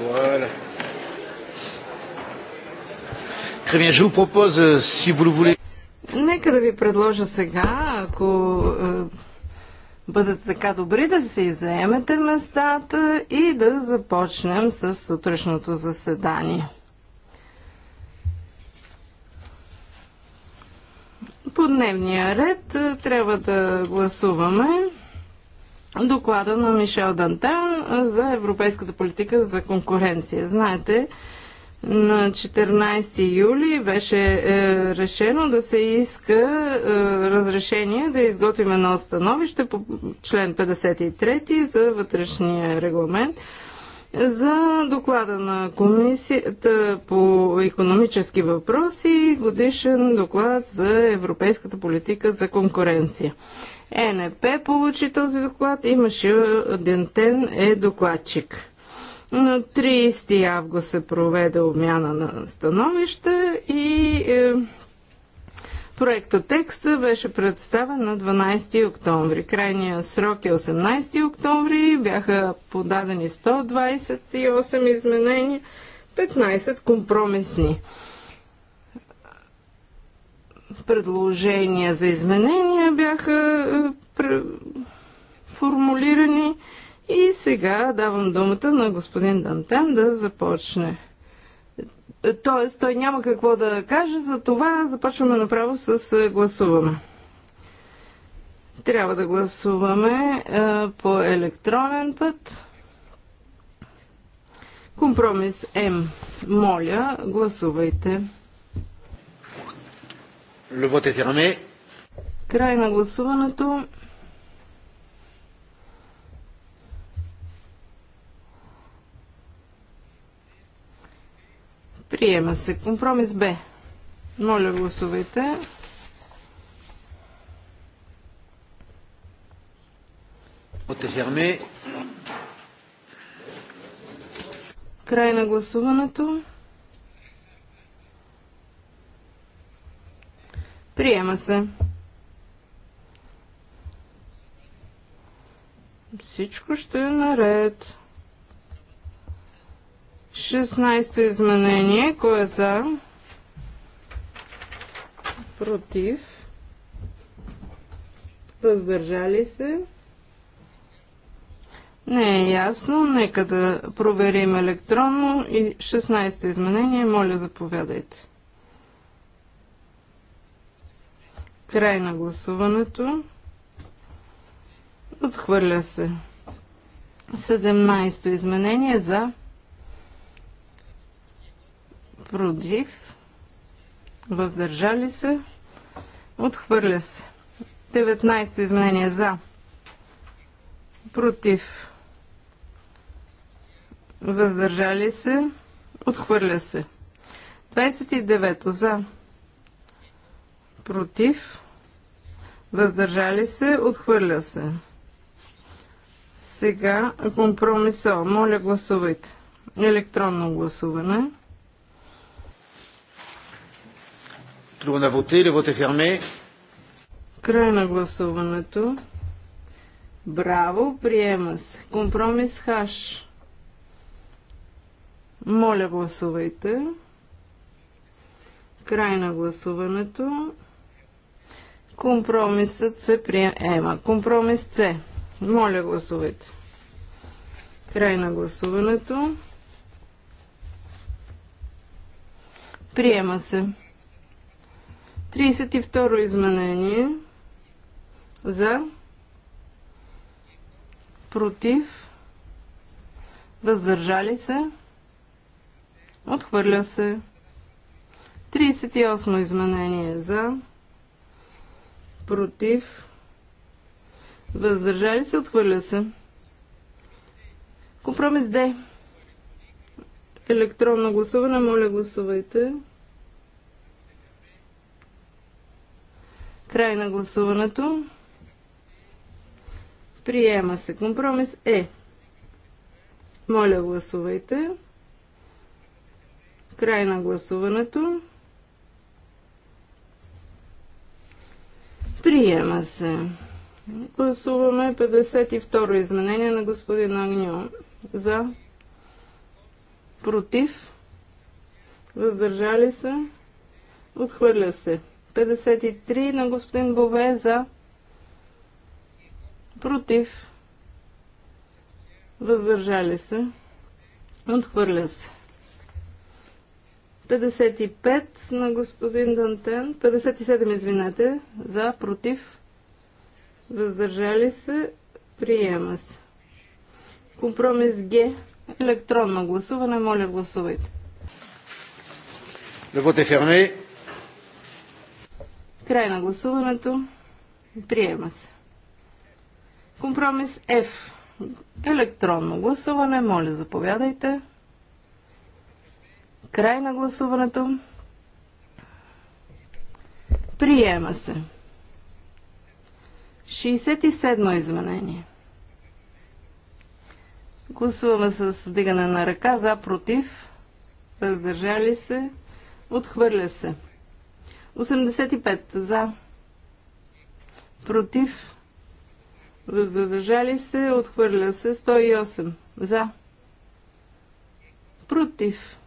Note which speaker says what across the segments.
Speaker 1: Voilà. Très bien, je vous propose, euh,
Speaker 2: si vous le voulez...
Speaker 1: Нека да ви предложа сега, ако е, бъдете така добри, да се заемете местата и да започнем с сутрешното заседание. По дневния ред е, трябва да гласуваме доклада на Мишел Дантан за европейската политика за конкуренция. Знаете, на 14 юли беше е, решено да се иска е, разрешение да изготвим едно становище по член 53 за вътрешния регламент за доклада на Комисията по економически въпроси годишен доклад за европейската политика за конкуренция. ЕНП получи този доклад имаше Дентен е докладчик. На 30 август се проведе обмяна на становища и е, проекта текста беше представен на 12 октомври. Крайният срок е 18 октомври. Бяха подадени 128 изменения, 15 компромисни предложения за изменения бяха е, формулирани и сега давам думата на господин Дантен да започне. Е, тоест, той няма какво да каже, за това започваме направо с е, гласуване. Трябва да гласуваме по електронен път. Компромис М. Моля, гласувайте. Le vote est fermé. Край на гласуването. Приема се. Компромис Б. Моля, гласувайте. Край на гласуването. Приема се. Всичко ще е наред. 16-то изменение. Кой е за? Против. Въздържали се. Не е ясно. Нека да проверим електронно. И 16-то изменение. Моля, заповядайте. Край на гласуването. Отхвърля се. 17-то изменение за против въздържали се отхвърля се 19-то изменение за против въздържали се отхвърля се 29-то за против против, въздържали се, отхвърля се. Сега компромисо. Моля, гласувайте. Електронно гласуване. Трудно на воте, вот ферме. Край на гласуването. Браво, приема се. Компромис хаш. Моля, гласувайте. Край на гласуването. Компромисът се приема. Компромис С. Моля гласувайте. Край на гласуването. Приема се. 32 изменение. За. Против. Въздържали се. Отхвърля се. 38 изменение за против, въздържали се, отхвърля се. Компромис Д. Електронно гласуване, моля гласувайте. Край на гласуването. Приема се. Компромис Е. Моля гласувайте. Край на гласуването. Приема се. Гласуваме 52-ро изменение на господин Агньо. За. Против. Въздържали се. Отхвърля се. 53 на господин Бове за. Против. Въздържали се. Отхвърля се. 55 на господин Дантен, 57 извинете, за, против, въздържали се, приема се. Компромис Г, електронно гласуване, моля гласувайте. Le vote est Край на гласуването. Приема се. Компромис F. Електронно гласуване. Моля, заповядайте. Край на гласуването. Приема се. 67 изменение. Гласуваме с дигане на ръка за, против, въздържали се, отхвърля се. 85 за, против, въздържали се, отхвърля се. 108 за, против,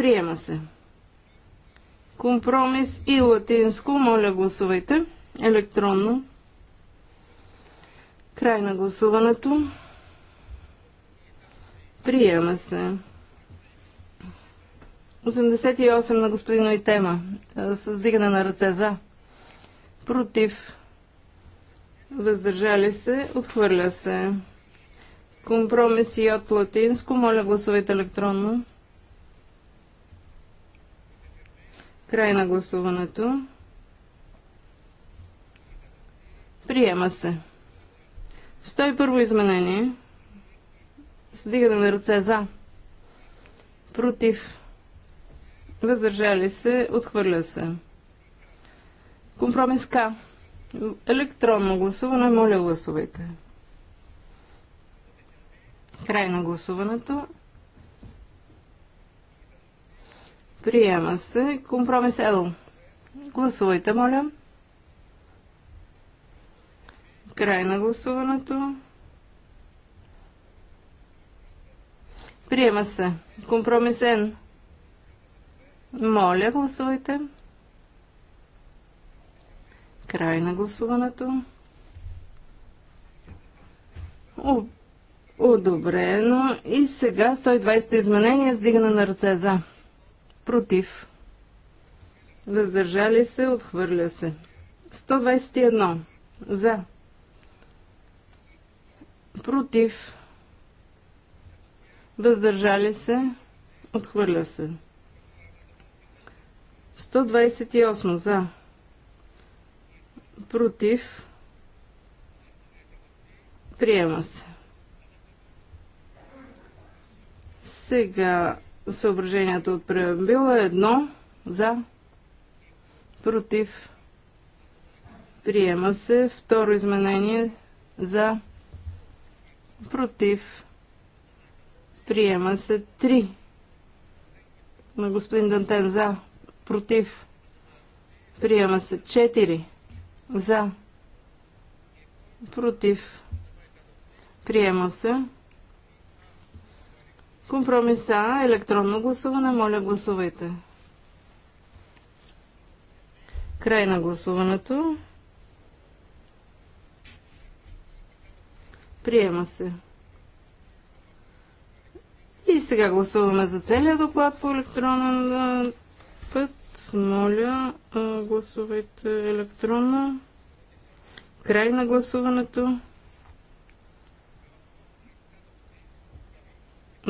Speaker 1: Приема се. Компромис и латинско. Моля, гласувайте. Електронно. Край на гласуването. Приема се. 88 на господин Итема. Е, с дигане на ръце за. Против. Въздържали се. Отхвърля се. Компромис и от латинско. Моля гласувайте електронно. Край на гласуването. Приема се. 101 изменение. Сдигане на ръце за. Против. Въздържали се. Отхвърля се. Компромис К. Електронно гласуване. Моля гласувайте. Край на гласуването. Приема се. Компромис L. Гласувайте, моля. Край на гласуването. Приема се. Компромис N. Моля, гласувайте. Край на гласуването. Одобрено. И сега 120 изменения с дигане на ръце за против, въздържали се, отхвърля се. 121 за, против, въздържали се, отхвърля се. 128 за, против, приема се. Сега съображението от преамбила. Е едно за, против, приема се. Второ изменение за, против, приема се. Три на господин Дантен за, против, приема се. Четири за, против, приема се. Компромиса, електронно гласуване, моля гласувайте. Край на гласуването. Приема се. И сега гласуваме за целия доклад по електронен път. Моля, гласувайте електронно. Край на гласуването.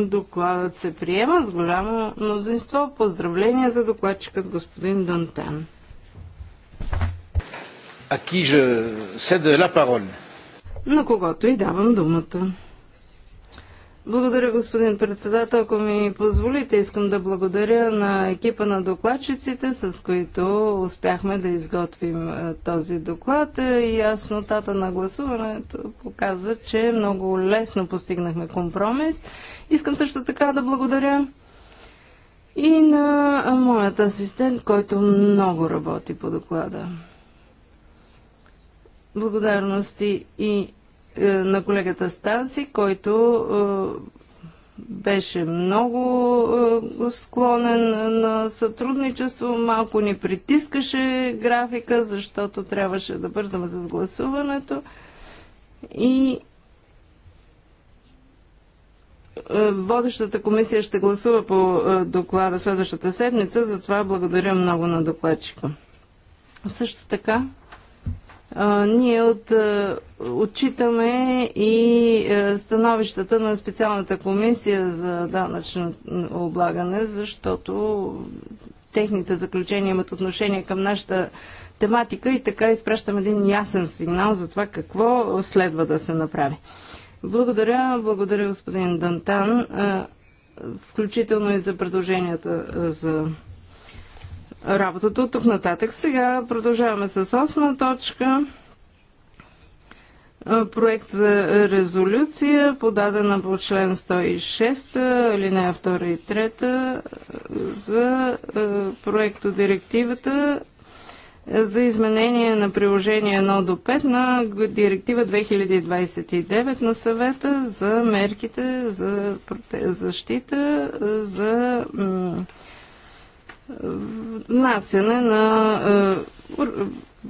Speaker 1: Докладът се приема с голямо мнозинство. Поздравления за докладчикът господин Дантан. На когото и давам думата. Благодаря, господин председател. Ако ми позволите, искам да благодаря на екипа на докладчиците, с които успяхме да изготвим е, този доклад. Е, и яснотата на гласуването показа, че много лесно постигнахме компромис. Искам също така да благодаря и на е, моят асистент, който много работи по доклада. Благодарности и е, на колегата Станси, който е, беше много е, склонен на сътрудничество, малко ни притискаше графика, защото трябваше да бързаме за гласуването. И водещата комисия ще гласува по доклада следващата седмица, затова благодаря много на докладчика. Също така, ние от, отчитаме и становищата на специалната комисия за данъчно облагане, защото техните заключения имат отношение към нашата тематика и така изпращаме един ясен сигнал за това какво следва да се направи. Благодаря, благодаря господин Дантан, включително и за предложенията за работата от тук нататък. Сега продължаваме с осма точка. Проект за резолюция, подадена по член 106, алинея 2 и 3, за проекто директивата за изменение на приложение 1 до 5 на директива 2029 на съвета за мерките за защита за внасяне на е,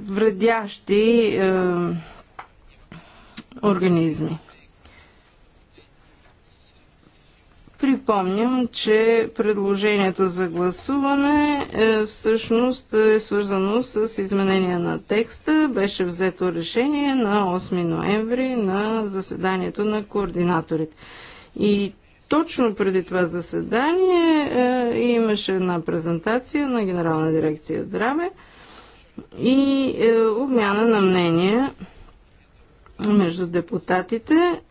Speaker 1: вредящи е, организми. Припомням, че предложението за гласуване е, всъщност е свързано с изменение на текста. Беше взето решение на 8 ноември на заседанието на координаторите. И точно преди това заседание е, имаше една презентация на Генерална дирекция Драме и е, обмяна на мнения между депутатите. Е,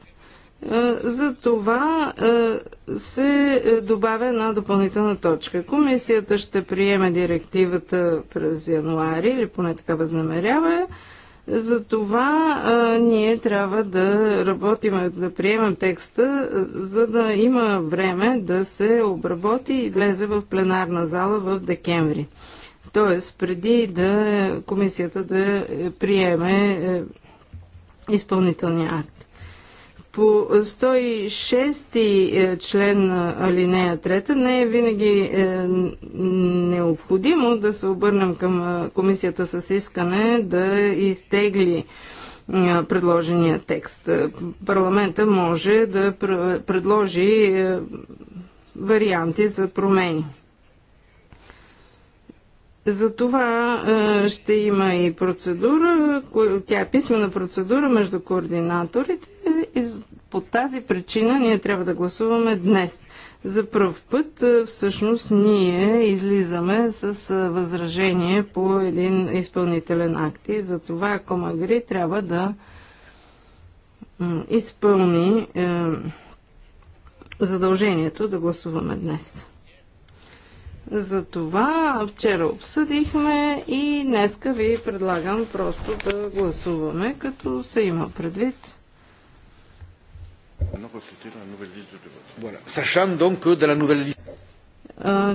Speaker 1: за това е, се добавя една допълнителна точка. Комисията ще приеме директивата през януари, или поне така възнамерява, за това а, ние трябва да работим, да приемем текста, за да има време да се обработи и влезе в пленарна зала в декември. Тоест, преди да комисията да приеме е, изпълнителния акт. По 106 е, член алинея 3 не е винаги е, необходимо да се обърнем към комисията с искане да изтегли е, предложения текст. Е, парламента може да предложи варианти за промени. За това ще има и процедура, тя е писмена процедура между координаторите е, и по тази причина ние трябва да гласуваме днес. За първ път е, всъщност ние излизаме с е, възражение по един изпълнителен акт и за това Комагри трябва да изпълни задължението да гласуваме днес. За това вчера обсъдихме и днеска ви предлагам просто да гласуваме, като се има предвид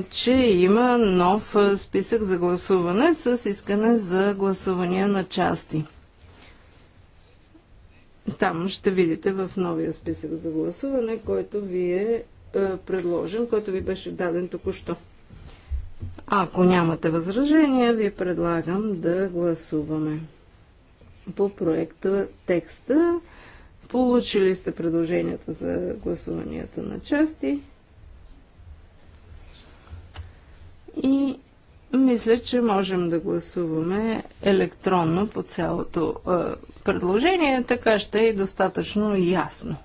Speaker 1: че има нов списък за гласуване с искане за гласувания на части. Там ще видите в новия списък за гласуване, който ви е предложен, който ви беше даден току-що. Ако нямате възражения, ви предлагам да гласуваме по проекта текста Получили сте предложенията за гласуванията на части. И мисля, че можем да гласуваме електронно по цялото е, предложение, така ще е достатъчно ясно.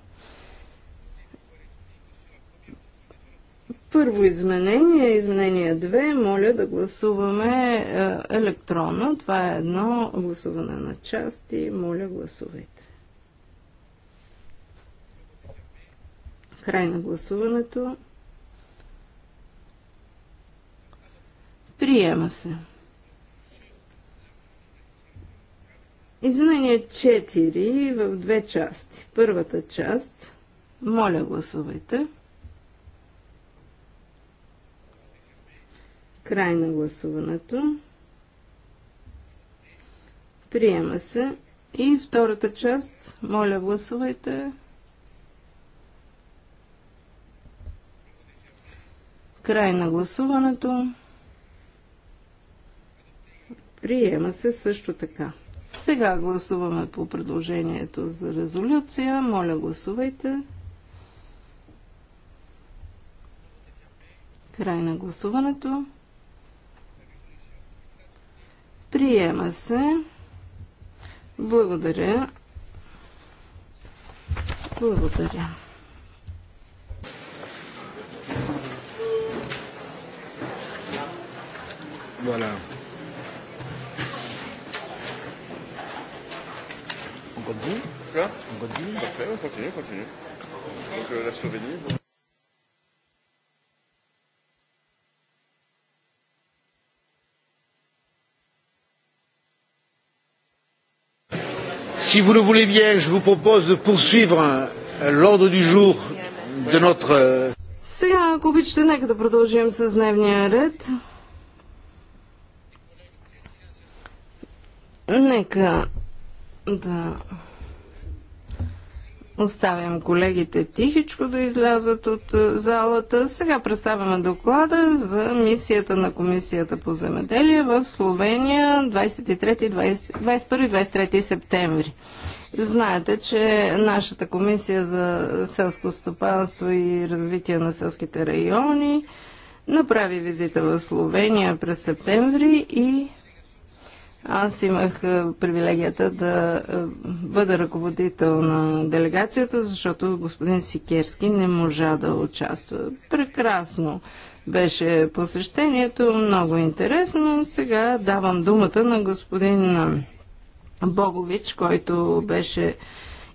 Speaker 1: Първо изменение, изменение 2, моля да гласуваме е, електронно. Това е едно гласуване на части. Моля, гласувайте. Край на гласуването. Приема се. Изменение 4 в две части. Първата част. Моля, гласувайте. Край на гласуването. Приема се. И втората част. Моля, гласувайте. Край на гласуването. Приема се също така. Сега гласуваме по предложението за резолюция. Моля, гласувайте. Край на гласуването. Приема се. Благодаря. Благодаря. Voilà. On continue Là On continue Parfait, on continue, on continue. Donc euh, la Slovénie. si vous le voulez bien je vous propose de poursuivre l'ordre du jour de notre Сега, ако обичате, нека да продължим с дневния ред. Нека да оставям колегите тихичко да излязат от е, залата. Сега представяме доклада за мисията на Комисията по земеделие в Словения 21-23 септември. Знаете, че нашата комисия за селско стопанство и развитие на селските райони направи визита в Словения през септември и аз имах е, привилегията да е, бъда ръководител на делегацията, защото господин Сикерски не можа да участва. Прекрасно беше посещението, много интересно. Сега давам думата на господин Богович, който беше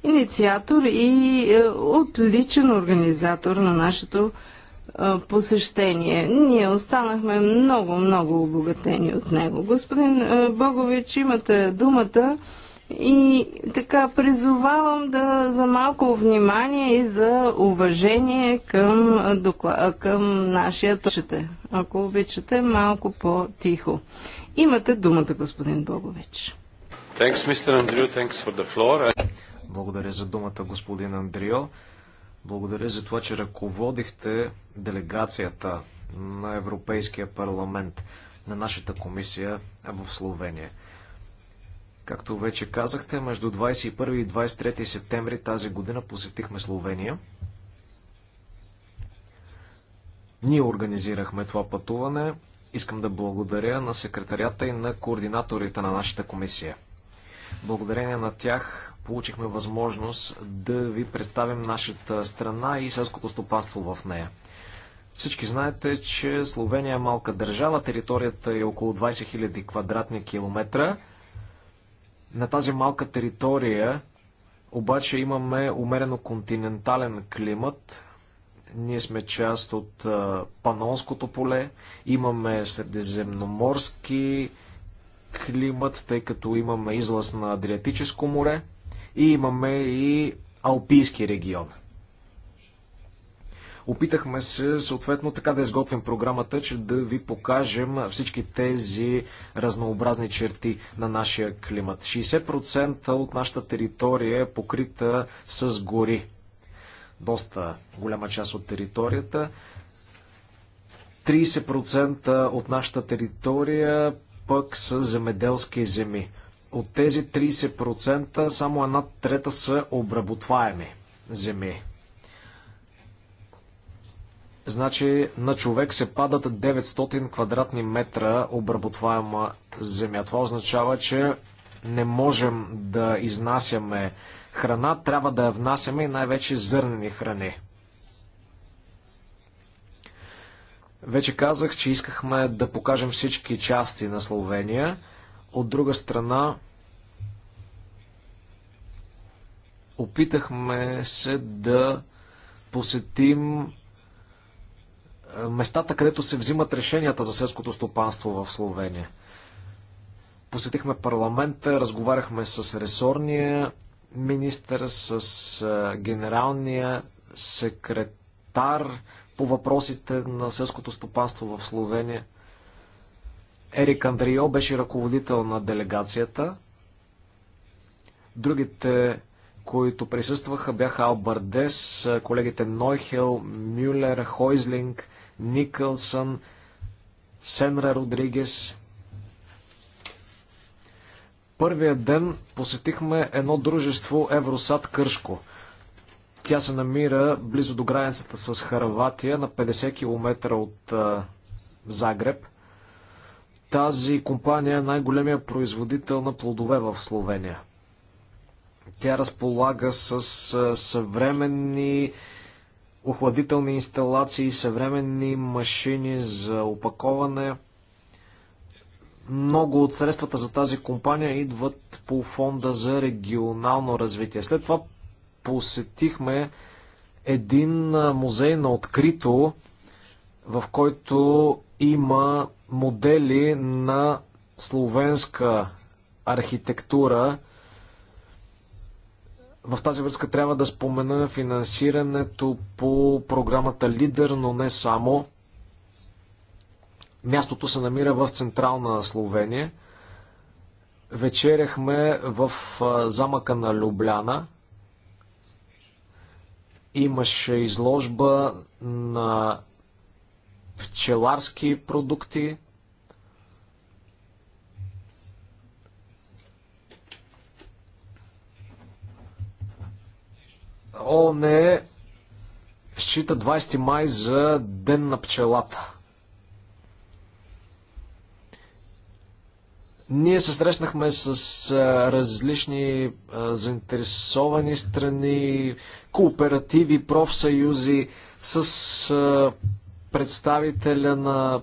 Speaker 1: инициатор и е, отличен организатор на нашето посещение. Ние останахме много, много обогатени от него. Господин Богович, имате думата и така призовавам да за малко внимание и за уважение към, към нашия точете. Ако обичате, малко по-тихо. Имате думата, господин Богович.
Speaker 3: Thanks, Mr. Andrew. Thanks for the
Speaker 2: floor. Благодаря за думата, господин Андрио. Благодаря за това, че ръководихте делегацията на Европейския парламент на нашата комисия в Словения. Както вече казахте, между 21 и 23 септември тази година посетихме Словения. Ние организирахме това пътуване. Искам да благодаря на секретарята и на координаторите на нашата комисия. Благодарение на тях получихме възможност да ви представим нашата страна и селското стопанство в нея. Всички знаете, че Словения е малка държава, територията е около 20 000 квадратни километра. На тази малка територия обаче имаме умерено континентален климат. Ние сме част от Панонското поле, имаме средиземноморски климат, тъй като имаме излаз на Адриатическо море и имаме и Алпийски регион. Опитахме се съответно така да изготвим програмата, че да ви покажем всички тези разнообразни черти на нашия климат. 60% от нашата територия е покрита с гори. Доста голяма част от територията. 30% от нашата територия пък са земеделски земи. От тези 30% само една трета са обработваеми земи. Значи на човек се падат 900 квадратни метра обработваема земя. Това означава, че не можем да изнасяме храна, трябва да я внасяме и най-вече зърнени храни. Вече казах, че искахме да покажем всички части на Словения. От друга страна, Опитахме се да посетим е, местата, където се взимат решенията за селското стопанство в Словения. Посетихме парламента, разговаряхме с ресорния министър, с е, генералния секретар по въпросите на селското стопанство в Словения. Ерик Андрио беше ръководител на делегацията. Другите които присъстваха, бяха Албардес, колегите Нойхел, Мюлер, Хойзлинг, Никълсън, Сенра Родригес. Първия ден посетихме едно дружество Евросад Кършко. Тя се намира близо до границата с Харватия, на 50 км от а, Загреб. Тази компания е най-големия производител на плодове в Словения. Тя разполага с съвременни охладителни инсталации, съвременни машини за опаковане. Много от средствата за тази компания идват по фонда за регионално развитие. След това посетихме един музей на открито, в който има модели на словенска архитектура – в тази връзка трябва да спомена финансирането по програмата Лидер, но не само. Мястото се намира в Централна Словения. Вечеряхме в замъка на Любляна. Имаше изложба на пчеларски продукти. ООН е счита 20 май за Ден на пчелата. Ние се срещнахме с а, различни а, заинтересовани страни, кооперативи, профсъюзи, с а, представителя на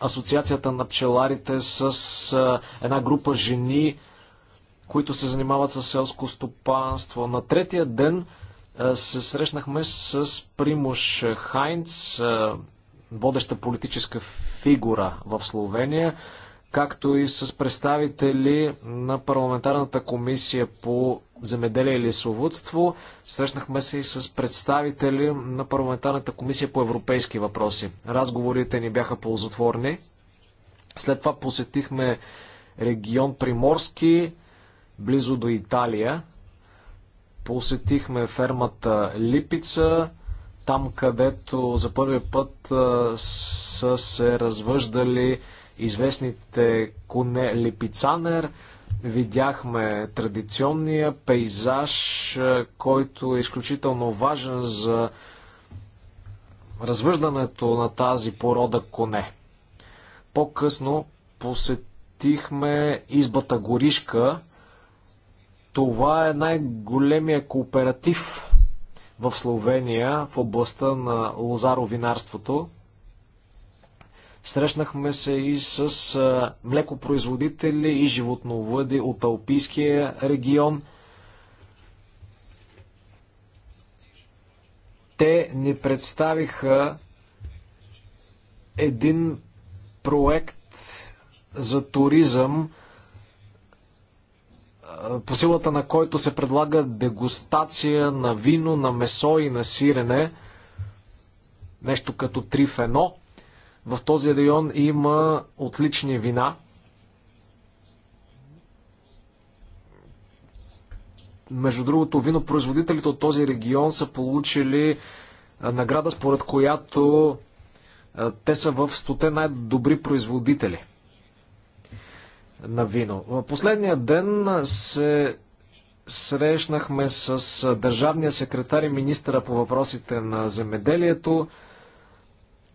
Speaker 2: Асоциацията на пчеларите, с а, една група жени, които се занимават с селско стопанство. На третия ден е, се срещнахме с Примуш Хайнц, е, водеща политическа фигура в Словения, както и с представители на парламентарната комисия по земеделие и лесовътство. Срещнахме се и с представители на парламентарната комисия по европейски въпроси. Разговорите ни бяха ползотворни. След това посетихме регион Приморски, близо до Италия. Посетихме фермата Липица, там където за първи път са се развъждали известните коне Липицанер. Видяхме традиционния пейзаж, който е изключително важен за развъждането на тази порода коне. По-късно посетихме избата горишка, това е най-големия кооператив в Словения в областта на лозаровинарството. Срещнахме се и с а, млекопроизводители и животновъди от Алпийския регион. Те ни представиха един проект за туризъм по силата на който се предлага дегустация на вино, на месо и на сирене, нещо като три в едно. В този район има отлични вина. Между другото, винопроизводителите от този регион са получили награда, според която те са в стоте най-добри производители на вино. Последния ден се срещнахме с държавния секретар и министъра по въпросите на земеделието.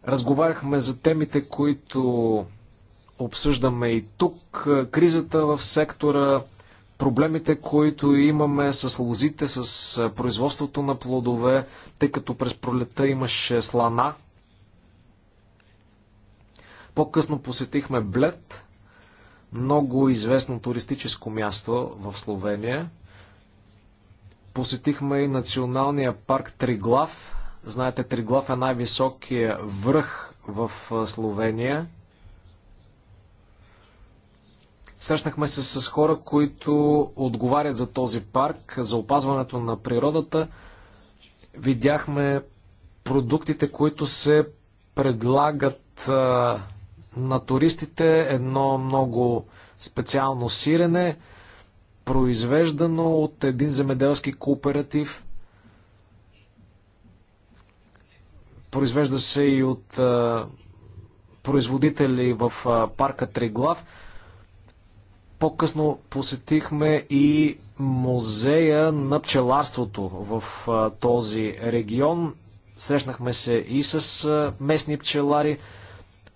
Speaker 2: Разговаряхме за темите, които обсъждаме и тук. Кризата в сектора, проблемите, които имаме с лозите, с производството на плодове, тъй като през пролета имаше слана. По-късно посетихме Блед много известно туристическо място в Словения. Посетихме и националния парк Триглав. Знаете, Триглав е най-високия връх в Словения. Срещнахме се с хора, които отговарят за този парк, за опазването на природата. Видяхме продуктите, които се предлагат на туристите едно много специално сирене, произвеждано от един земеделски кооператив. Произвежда се и от а, производители в а, парка Триглав. По-късно посетихме и музея на пчеларството в а, този регион. Срещнахме се и с а, местни пчелари.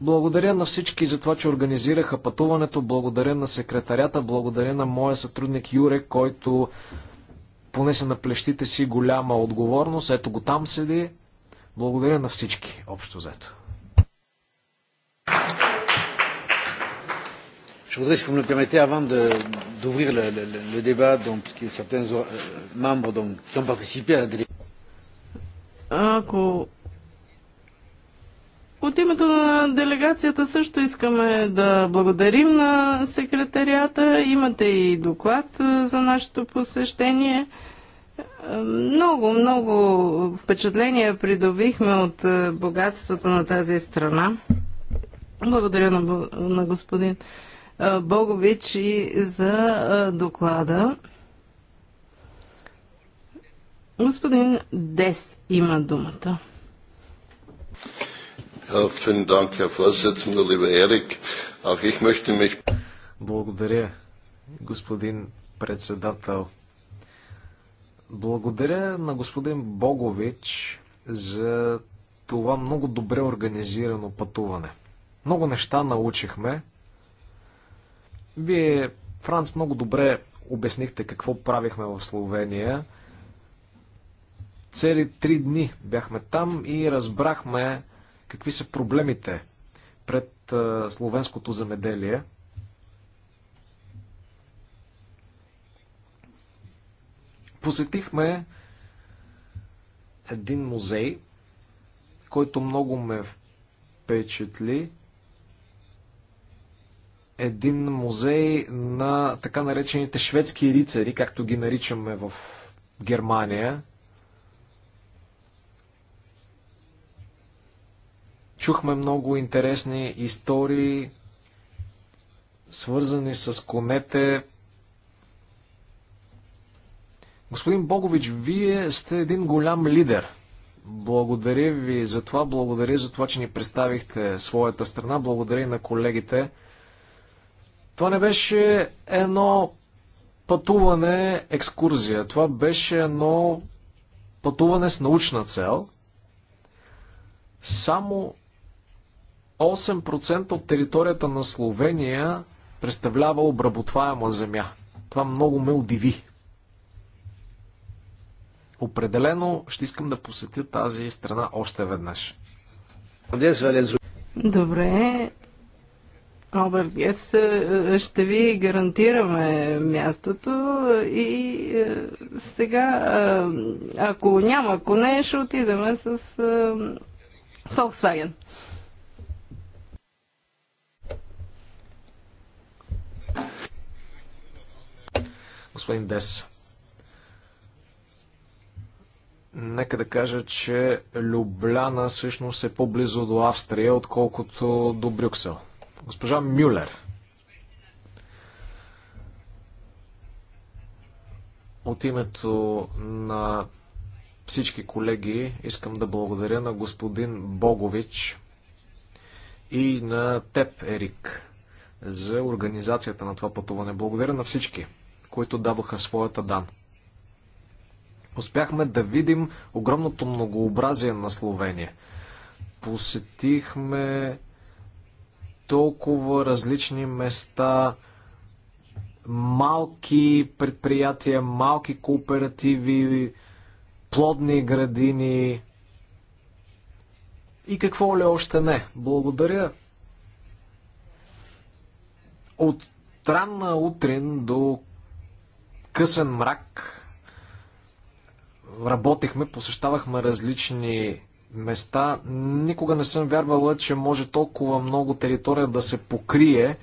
Speaker 2: Благодаря на всички за това, че организираха пътуването. Благодаря на секретарята. Благодаря на моя сътрудник Юре, който понесе на плещите си голяма отговорност. Ето го там седи. Благодаря на всички, общо взето.
Speaker 1: Je voudrais, si vous me permettez, avant d'ouvrir le, le, le débat, donc qui certains euh, membres donc, qui ont participé à la délégation. От името на делегацията също искаме да благодарим на секретарията. Имате и доклад за нашето посещение. Много, много впечатления придобихме от богатството на тази страна. Благодаря на, на господин Богович и за доклада. Господин Дес има думата. Äh, vielen Dank, Herr Vorsitzender, lieber Erik. Auch ich möchte mich...
Speaker 2: Благодаря, господин председател. Благодаря на господин Богович за това много добре организирано пътуване. Много неща научихме. Вие, Франц, много добре обяснихте какво правихме в Словения. Цели три дни бяхме там и разбрахме Какви са проблемите пред словенското замеделие? Посетихме един музей, който много ме впечатли. Един музей на така наречените шведски рицари, както ги наричаме в Германия. Чухме много интересни истории, свързани с конете. Господин Богович, вие сте един голям лидер. Благодаря ви за това, благодаря за това, че ни представихте своята страна, благодаря и на колегите. Това не беше едно пътуване, екскурзия. Това беше едно пътуване с научна цел. Само 8% от територията на Словения представлява обработваема земя. Това много ме удиви. Определено ще искам да посетя тази страна още веднъж.
Speaker 1: Добре. Алберт Гец, е, е, ще ви гарантираме мястото и е, сега, ако няма коне, ще отидем с Volkswagen.
Speaker 2: Господин Дес. Нека да кажа, че Любляна всъщност е по-близо до Австрия, отколкото до Брюксел. Госпожа Мюлер. От името на всички колеги искам да благодаря на господин Богович и на теб, Ерик, за организацията на това пътуване. Благодаря на всички които дадоха своята дан. Успяхме да видим огромното многообразие на Словения. Посетихме толкова различни места, малки предприятия, малки кооперативи, плодни градини и какво ли още не. Благодаря. От ранна утрин до късен мрак работехме, посещавахме различни места. Никога не съм вярвала, че може толкова много територия да се покрие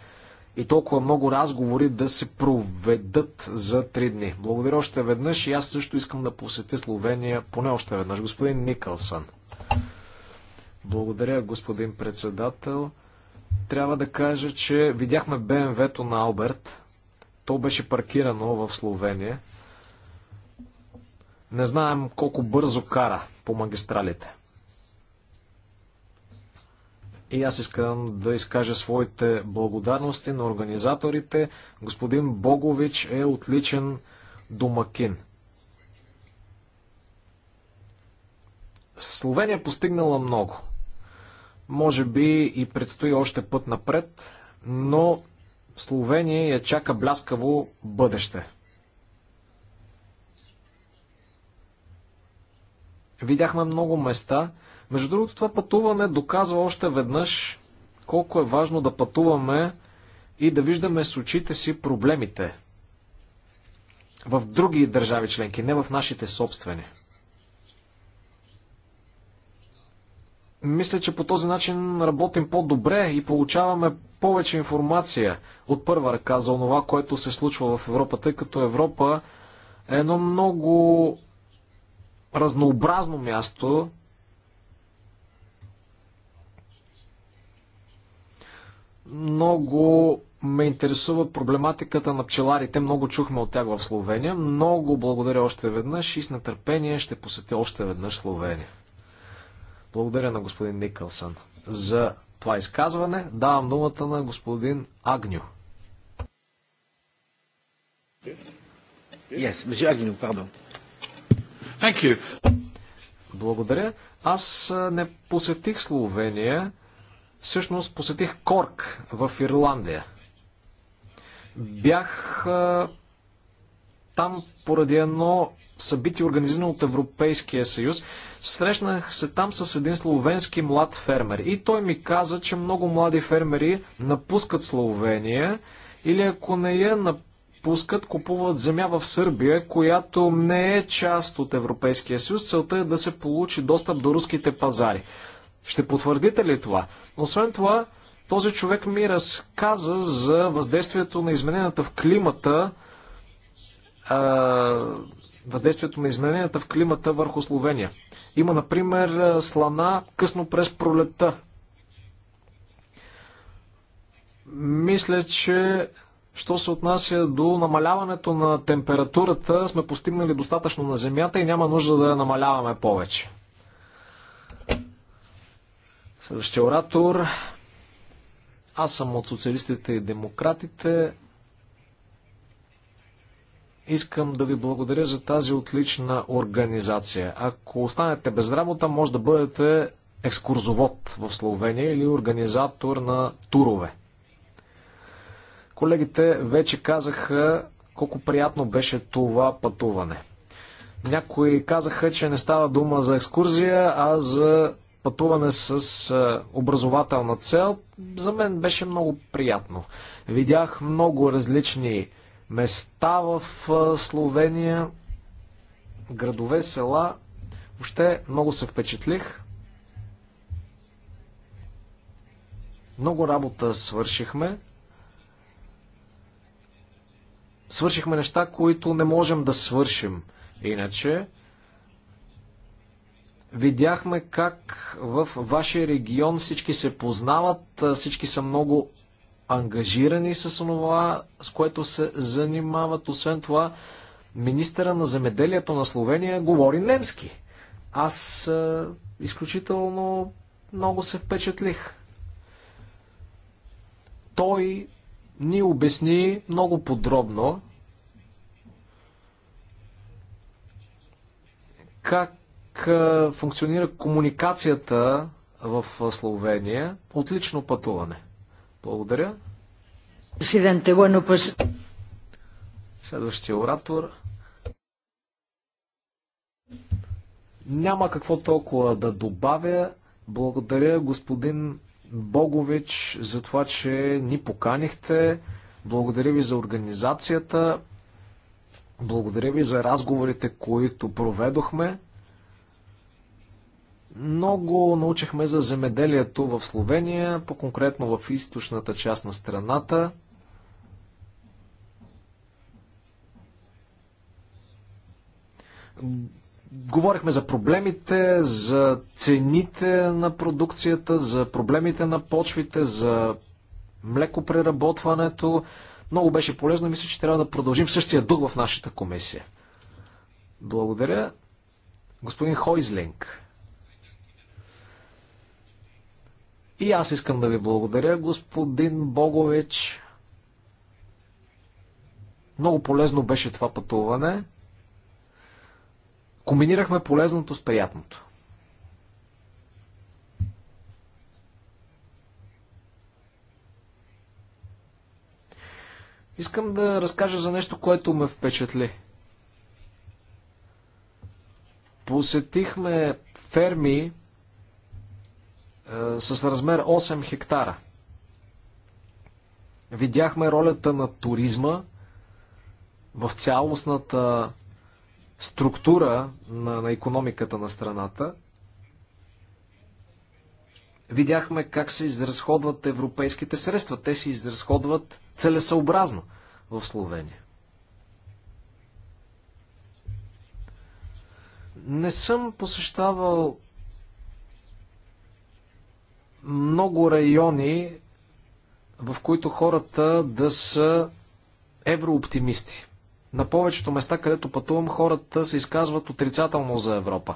Speaker 2: и толкова много разговори да се проведат за три дни. Благодаря още веднъж и аз също искам да посетя Словения поне още веднъж. Господин Никълсън. Благодаря, господин председател. Трябва да кажа, че видяхме БМВ-то на Алберт. То беше паркирано в Словения. Не знаем колко бързо кара по магистралите. И аз искам да изкажа своите благодарности на организаторите. Господин Богович е отличен домакин. Словения е постигнала много. Може би и предстои още път напред, но Словения я чака бляскаво бъдеще. Видяхме много места. Между другото, това пътуване доказва още веднъж колко е важно да пътуваме и да виждаме с очите си проблемите в други държави членки, не в нашите собствени. Мисля, че по този начин работим по-добре и получаваме повече информация от първа ръка за това, което се случва в Европа, тъй като Европа е едно много разнообразно място. Много ме интересува проблематиката на пчеларите. Много чухме от тях в Словения. Много благодаря още веднъж и с нетърпение ще посетя още веднъж Словения. Благодаря на господин Никълсън за това изказване. Давам думата на господин Агню. Yes, Агню, пардон. Thank you. Благодаря. Аз не посетих Словения, всъщност посетих Корк в Ирландия. Бях там поради едно събитие, организирано от Европейския съюз. Срещнах се там с един словенски млад фермер и той ми каза, че много млади фермери напускат Словения или ако не я напускат, купуват земя в Сърбия, която не е част от Европейския съюз. Целта е да се получи достъп до руските пазари. Ще потвърдите ли това? Освен това, този човек ми разказа за въздействието на измененията в климата а, въздействието на измененията в климата върху Словения. Има, например, слана късно през пролета. Мисля, че що се отнася до намаляването на температурата, сме постигнали достатъчно на Земята и няма нужда да я намаляваме повече. Следващия оратор. Аз съм от социалистите и демократите. Искам да ви благодаря за тази отлична организация. Ако останете без работа, може да бъдете екскурзовод в Словения или организатор на турове. Колегите вече казаха колко приятно беше това пътуване. Някои казаха, че не става дума за екскурзия, а за пътуване с образователна цел. За мен беше много приятно. Видях много различни места в Словения, градове, села. Въобще много се впечатлих. Много работа свършихме. Свършихме неща, които не можем да свършим. Иначе, видяхме как в вашия регион всички се познават, всички са много ангажирани с това, с което се занимават. Освен това, министъра на земеделието на Словения говори немски. Аз а, е, изключително много се впечатлих. Той ни обясни много подробно как е, функционира комуникацията в Словения. Отлично пътуване. Благодаря. Президенте, bueno, pues... Следващия оратор. Няма какво толкова да добавя. Благодаря господин Богович за това, че ни поканихте. Благодаря ви за организацията. Благодаря ви за разговорите, които проведохме. Много научихме за земеделието в Словения, по-конкретно в източната част на страната. Говорихме за проблемите, за цените на продукцията, за проблемите на почвите, за млекопреработването. Много беше полезно. и Мисля, че трябва да продължим същия дух в нашата комисия. Благодаря. Господин Хойзлинг. И аз искам да ви благодаря, господин Богович. Много полезно беше това пътуване. Комбинирахме полезното с приятното. Искам да разкажа за нещо, което ме впечатли. Посетихме ферми, е, с размер 8 хектара. Видяхме ролята на туризма в цялостната структура на, на економиката на страната. Видяхме как се изразходват европейските средства. Те се изразходват целесъобразно в Словения. Не съм посещавал много райони, в които хората да са еврооптимисти. На повечето места, където пътувам, хората се изказват отрицателно за Европа.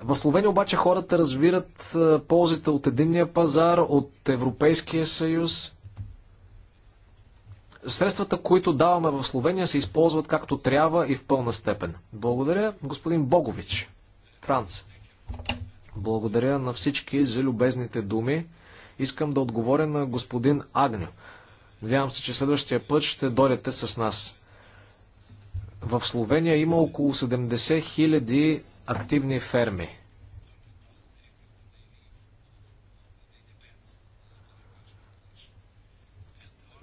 Speaker 2: В Словения обаче хората разбират е, ползите от единния пазар, от Европейския съюз. Средствата, които даваме в Словения, се използват както трябва и в пълна степен. Благодаря, господин Богович. Франц. Благодаря на всички за любезните думи. Искам да отговоря на господин Агню. Надявам се, че следващия път ще дойдете с нас. В Словения има около 70 хиляди активни ферми.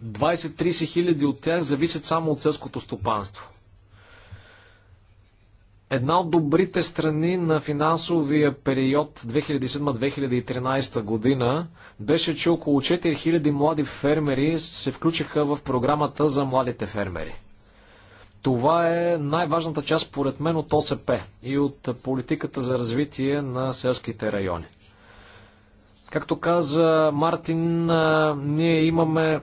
Speaker 2: Двадесет-30 хиляди от тях зависят само от селското стопанство. Една от добрите страни на финансовия период 2007-2013 година беше, че около 4000 млади фермери се включиха в програмата за младите фермери. Това е най-важната част, според мен, от ОСП и от политиката за развитие на селските райони. Както каза Мартин, ние имаме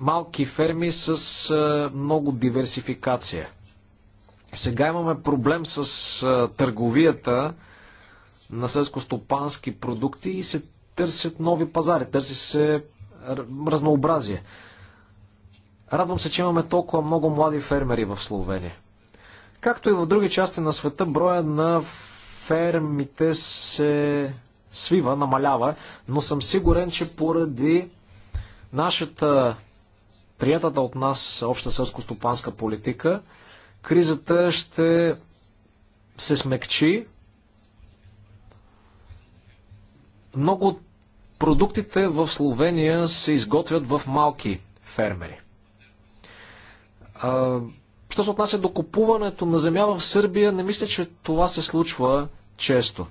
Speaker 2: малки ферми с много диверсификация – сега имаме проблем с търговията на селскостопански продукти и се търсят нови пазари, търси се разнообразие. Радвам се, че имаме толкова много млади фермери в Словения. Както и в други части на света, броя на фермите се свива, намалява, но съм сигурен, че поради нашата приятата от нас обща селско-стопанска политика – Кризата ще се смекчи. Много от продуктите в Словения се изготвят в малки фермери. Що се отнася до купуването на земя в Сърбия, не мисля, че това се случва често.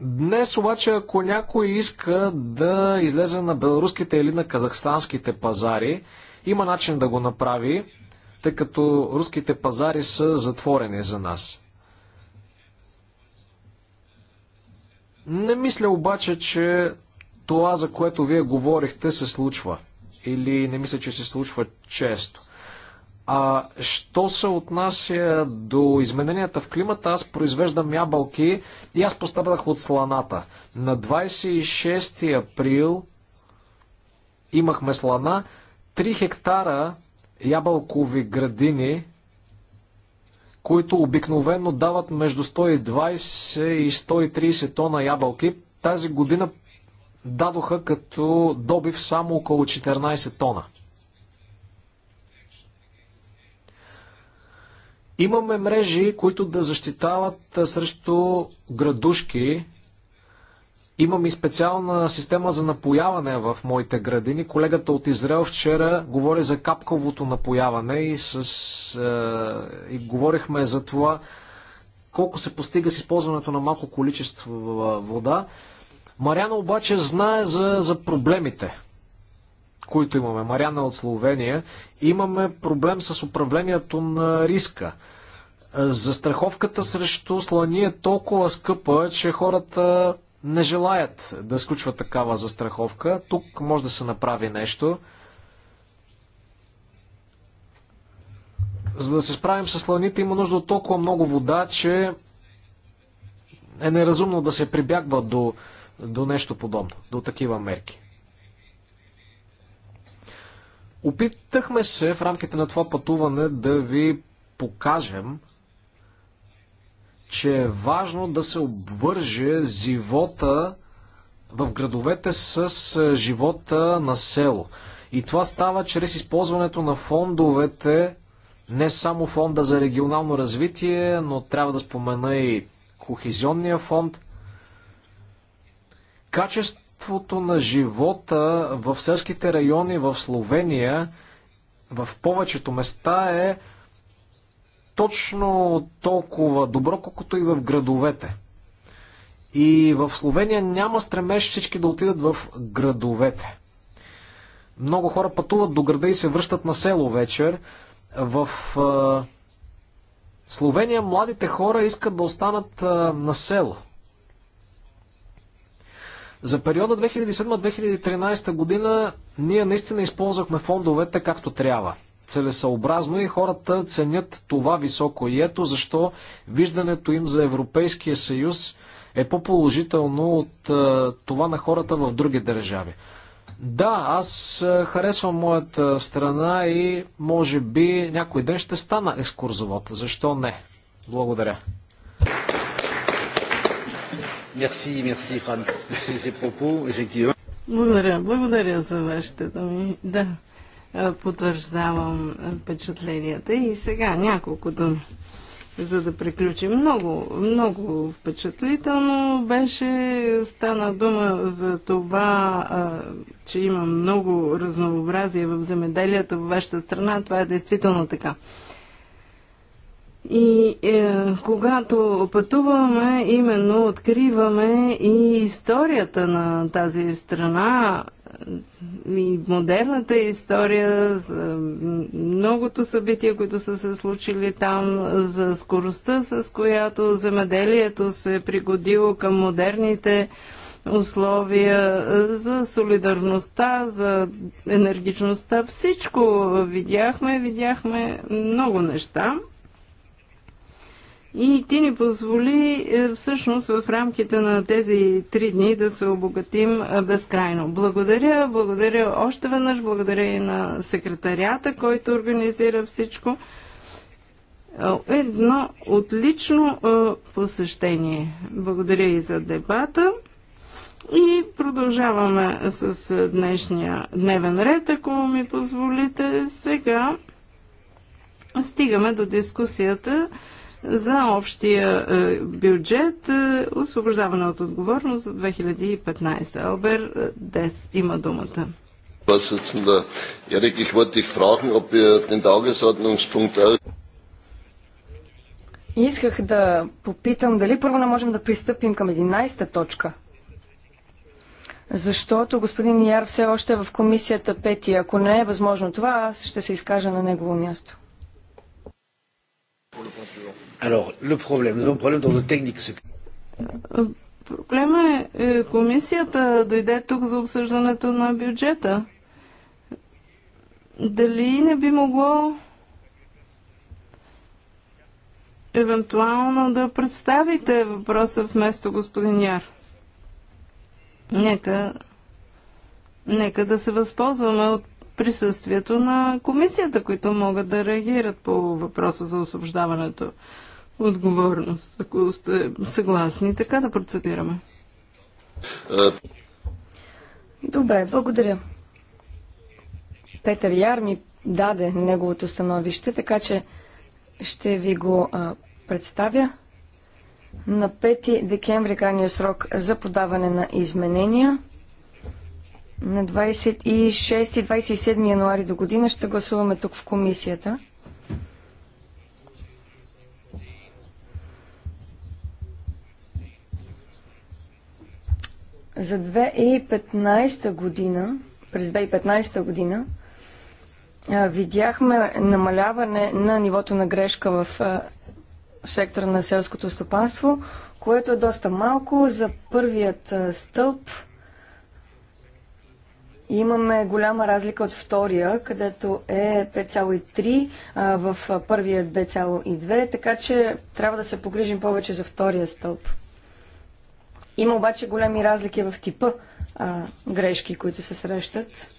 Speaker 2: Днес обаче, ако някой иска да излезе на беларуските или на казахстанските пазари, има начин да го направи, тъй като руските пазари са затворени за нас. Не мисля обаче, че това, за което вие говорихте, се случва. Или не мисля, че се случва често. А, що се отнася до измененията в климата, аз произвеждам ябълки и аз пострадах от сланата. На 26 април имахме слана, 3 хектара ябълкови градини, които обикновено дават между 120 и 130 тона ябълки. Тази година дадоха като добив само около 14 тона. Имаме мрежи, които да защитават срещу градушки. Имам и специална система за напояване в моите градини. Колегата от Израел вчера говори за капковото напояване и, с, е, и говорихме за това колко се постига с използването на малко количество вода. Мариана обаче знае за, за проблемите които имаме, Мариана от Словения, имаме проблем с управлението на риска. Застраховката срещу слани е толкова скъпа, че хората не желаят да сключват такава застраховка. Тук може да се направи нещо. За да се справим с сланите има нужда от толкова много вода, че е неразумно да се прибягва до, до нещо подобно, до такива мерки. Опитахме се в рамките на това пътуване да ви покажем, че е важно да се обвърже живота в градовете с живота на село. И това става чрез използването на фондовете, не само фонда за регионално развитие, но трябва да спомена и Кохезионния фонд. Качеството качеството на живота в селските райони в Словения в повечето места е точно толкова добро, колкото и в градовете. И в Словения няма стремеж всички да отидат в градовете. Много хора пътуват до града и се връщат на село вечер. В е, Словения младите хора искат да останат е, на село. За периода 2007-2013 година ние наистина използвахме фондовете както трябва. Целесъобразно и хората ценят това високо и ето защо виждането им за Европейския съюз е по-положително от това на хората в други държави. Да, аз харесвам моята страна и може би някой ден ще стана екскурзовод. Защо не? Благодаря.
Speaker 1: Благодаря, благодаря за вашите думи. Да, потвърждавам впечатленията. И сега няколко думи, за да приключим. Много, много впечатлително беше. Стана дума за това, че има много разнообразие в земеделието в вашата страна. Това е действително така. И е, когато пътуваме, именно откриваме и историята на тази страна, и модерната история, за многото събития, които са се случили там, за скоростта, с която земеделието се е пригодило към модерните условия, за солидарността, за енергичността. Всичко видяхме, видяхме много неща. И ти ни позволи е, всъщност в рамките на тези три дни да се обогатим е, безкрайно. Благодаря, благодаря още веднъж, благодаря и на секретарията, който организира всичко. Е, едно отлично посещение. Благодаря и за дебата. И продължаваме с днешния дневен ред, ако ми позволите. Сега стигаме до дискусията за общия е, бюджет, е, освобождаване от отговорност за 2015. Албер е, Дес има думата.
Speaker 3: Исках да попитам дали първо не можем да пристъпим към 11-та точка. Защото господин Яр все още е в комисията пети. Ако не е възможно това, аз ще се изкажа на негово място.
Speaker 2: Alors, le problème, le problème dans nos techniques.
Speaker 1: Проблема е, е, комисията дойде тук за обсъждането на бюджета. Дали не би могло евентуално да представите въпроса вместо господин Яр? Нека, нека да се възползваме от присъствието на комисията, които могат да реагират по въпроса за освобождаването отговорност, ако сте
Speaker 3: съгласни така да процедираме. Добре, благодаря. Петър Яр ми даде неговото становище, така че ще ви го а, представя. На 5 декември крайния срок за подаване на изменения. На 26 и 27 януари до година ще гласуваме тук в комисията. За 2015 година, през 2015 година, видяхме намаляване на нивото на грешка в сектора на селското стопанство, което е доста малко. За първият стълб имаме голяма разлика от втория, където е 5,3, в първия 2,2, така че трябва да се погрижим повече за втория стълб. Има обаче големи разлики в типа а, грешки, които се срещат.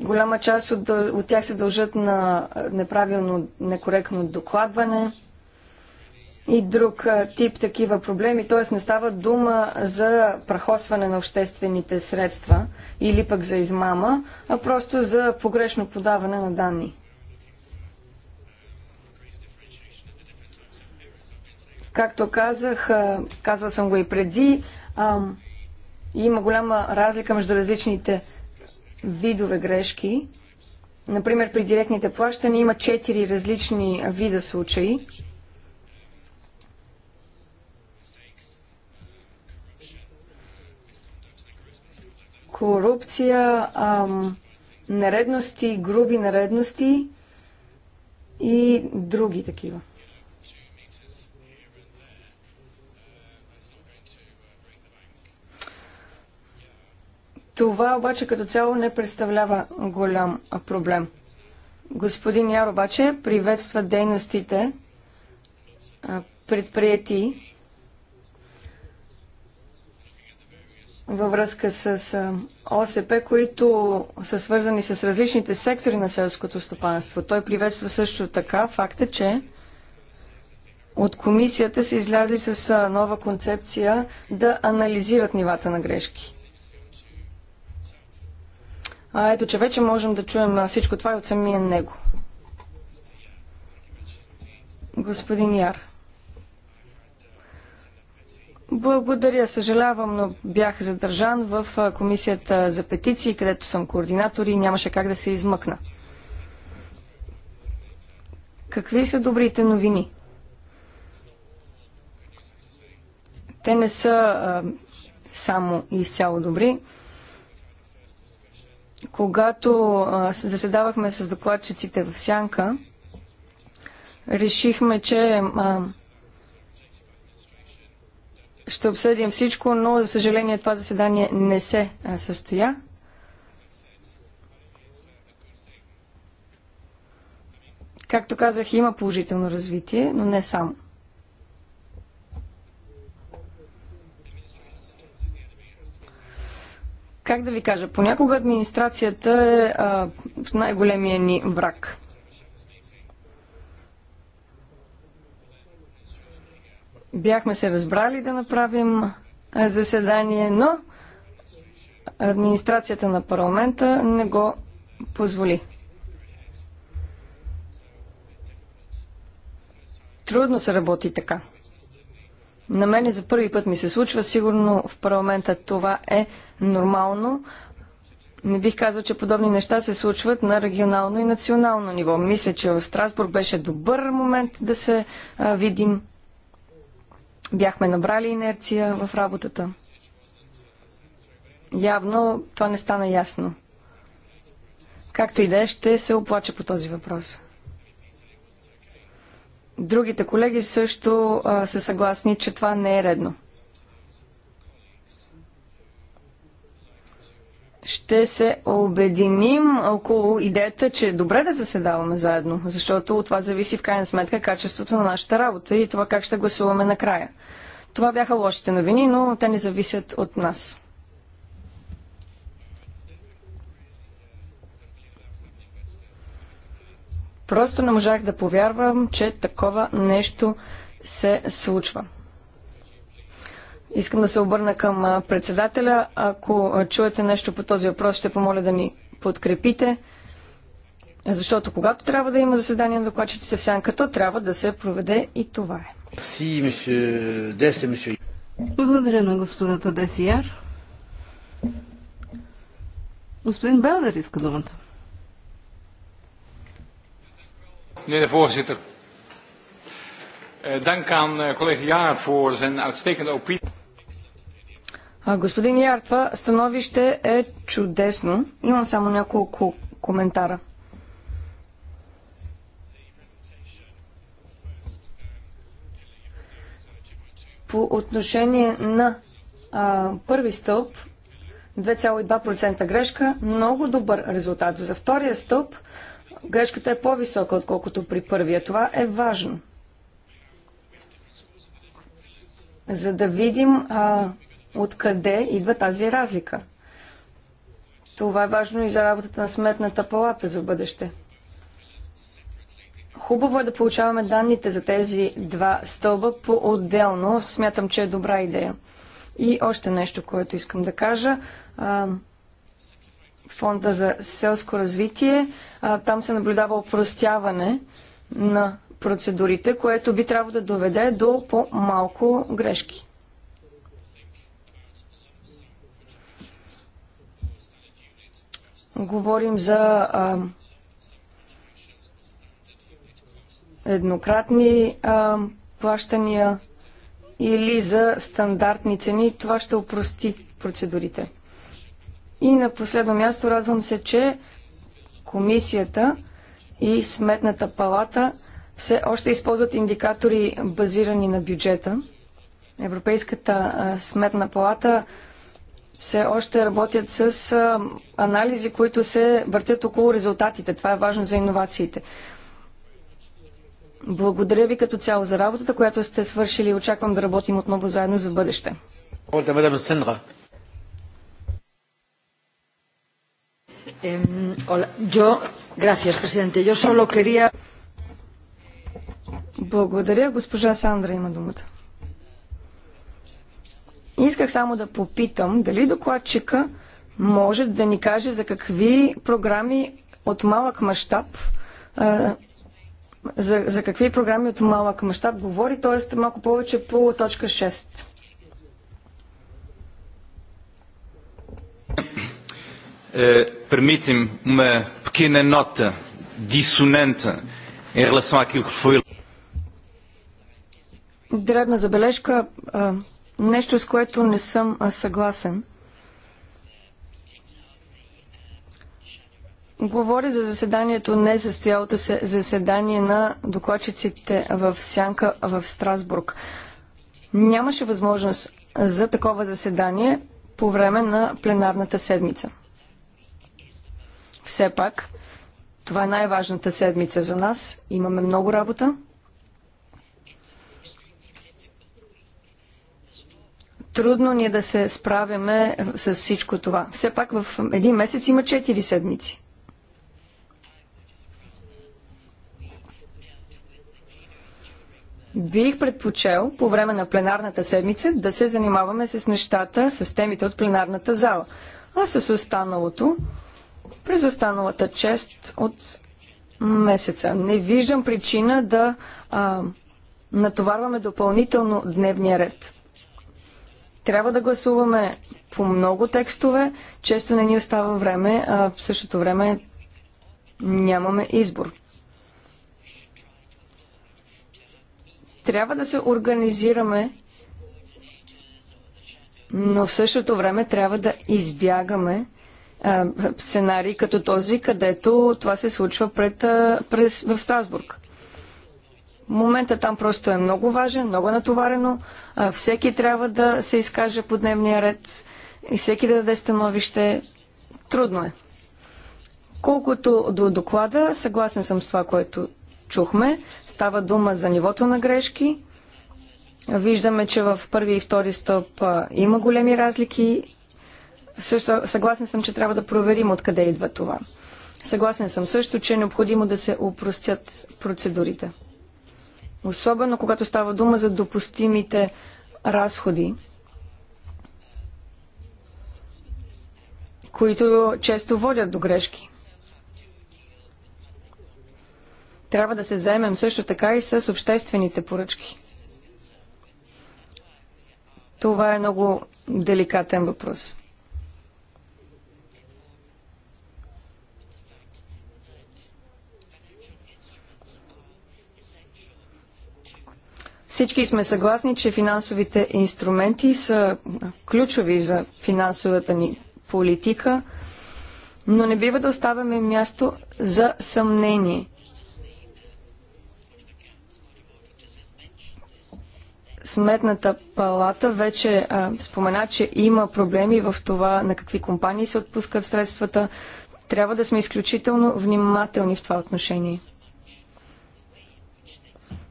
Speaker 3: Голяма част от, от тях се дължат на неправилно, некоректно докладване и друг тип такива проблеми, т.е. не става дума за прахосване на обществените средства или пък за измама, а просто за погрешно подаване на данни. Както казах, казвал съм го и преди, има голяма разлика между различните видове грешки. Например, при директните плащания има четири различни вида случаи. Корупция, ам, нередности, груби нередности и други такива. Това обаче като цяло не представлява голям проблем. Господин Яр обаче приветства дейностите предприяти във връзка с ОСП, които са свързани с различните сектори на селското стопанство. Той приветства също така факта, че от комисията са излязли с нова концепция да анализират нивата на грешки. А, ето, че вече можем да чуем всичко това и от самия него. Господин Яр. Благодаря. Съжалявам, но бях задържан в комисията за петиции, където съм координатор и нямаше как да се измъкна. Какви са добрите новини? Те не са а, само и изцяло добри. Когато а, заседавахме с докладчиците в Сянка, решихме, че а, ще обсъдим всичко, но за съжаление това заседание не се а, състоя. Както казах, има положително развитие, но не само. как да ви кажа, понякога администрацията е най-големия ни враг. Бяхме се разбрали да направим заседание, но администрацията на парламента не го позволи. Трудно се работи така. На мене за първи път ми се случва, сигурно в парламента това е нормално. Не бих казал, че подобни неща се случват на регионално и национално ниво. Мисля, че в Страсбург беше добър момент да се а, видим. Бяхме набрали инерция в работата. Явно това не стана ясно. Както и да е, ще се оплача по този въпрос. Другите колеги също а, са съгласни, че това не е редно. Ще се обединим около идеята, че е добре да заседаваме заедно, защото от това зависи в крайна сметка качеството на нашата работа и това как ще гласуваме накрая. Това бяха лошите новини, но те не зависят от нас. Просто не можах да повярвам, че такова нещо се случва. Искам да се обърна към председателя. Ако чуете нещо по този въпрос, ще помоля да ни подкрепите. Защото когато трябва да има заседание на докладчиците в сянка, то трябва да се проведе и това е. Благодаря на господата Десияр.
Speaker 1: Господин Белдер иска думата.
Speaker 2: meneer de voorzitter. Eh, dank aan eh, collega Jaar voor zijn uitstekende opinie.
Speaker 3: Господин Яр, това становище е чудесно. Имам само няколко коментара. По отношение на а, първи стълб, 2,2% грешка, много добър резултат. За втория стълб – грешката е по-висока, отколкото при първия. Това е важно. За да видим а, откъде идва тази разлика. Това е важно и за работата на сметната палата за бъдеще. Хубаво е да получаваме данните за тези два стълба по-отделно. Смятам, че е добра идея. И още нещо, което искам да кажа. А, фонда за селско развитие, а, там се наблюдава опростяване на процедурите, което би трябвало да доведе до по-малко грешки. Говорим за а, еднократни а, плащания или за стандартни цени. Това ще опрости процедурите. И на последно място радвам се, че комисията и сметната палата все още използват индикатори базирани на бюджета. Европейската сметна палата все още работят с анализи, които се въртят около резултатите. Това е важно за иновациите. Благодаря ви като цяло за работата, която сте свършили и очаквам да работим отново заедно за бъдеще. Благодаря. Госпожа Сандра има думата. Исках само да попитам дали докладчика може да ни каже за какви програми от малък мащаб за, за какви програми от малък мащаб говори, т.е. малко повече по точка 6 permitem uma pequena nota dissonante em relação àquilo que foi. Дребна забележка, нещо с което не съм съгласен. Говоря за заседанието, не състоялото се заседание на докладчиците в Сянка в Страсбург. Нямаше възможност за такова заседание по време на пленарната седмица. Все пак, това е най-важната седмица за нас. Имаме много работа. Трудно ни е да се справяме с всичко това. Все пак в един месец има 4 седмици. Бих предпочел по време на пленарната седмица да се занимаваме с нещата, с темите от пленарната зала. А с останалото през останалата чест от месеца. Не виждам причина да а, натоварваме допълнително дневния ред. Трябва да гласуваме по много текстове, често не ни остава време, а в същото време нямаме избор. Трябва да се организираме, но в същото време трябва да избягаме сценарий като този, където това се случва пред, през, в Страсбург. Момента там просто е много важен, много натоварено. Всеки трябва да се изкаже по дневния ред и всеки да даде становище. Трудно е. Колкото до доклада, съгласен съм с това, което чухме. Става дума за нивото на грешки. Виждаме, че в първи и втори стъп има големи разлики също, съгласен съм, че трябва да проверим откъде идва това. Съгласен съм също, че е необходимо да се упростят процедурите. Особено когато става дума за допустимите разходи, които често водят до грешки. Трябва да се заемем също така и с обществените поръчки. Това е много деликатен въпрос. Всички сме съгласни, че финансовите инструменти са ключови за финансовата ни политика, но не бива да оставяме място за съмнение. Сметната палата вече а, спомена, че има проблеми в това на какви компании се отпускат средствата. Трябва да сме изключително внимателни в това отношение.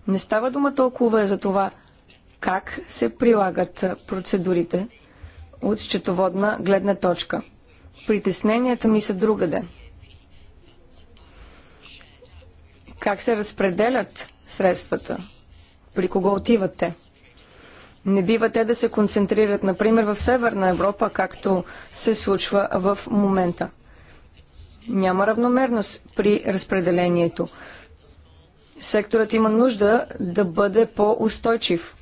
Speaker 3: Не става дума толкова за това как се прилагат процедурите от счетоводна гледна точка. Притесненията ми са другаде. Как се разпределят средствата? При кого отиват те? Не бива те да се концентрират, например, в Северна Европа, както се случва в момента. Няма равномерност при разпределението. Секторът има нужда да бъде по-устойчив.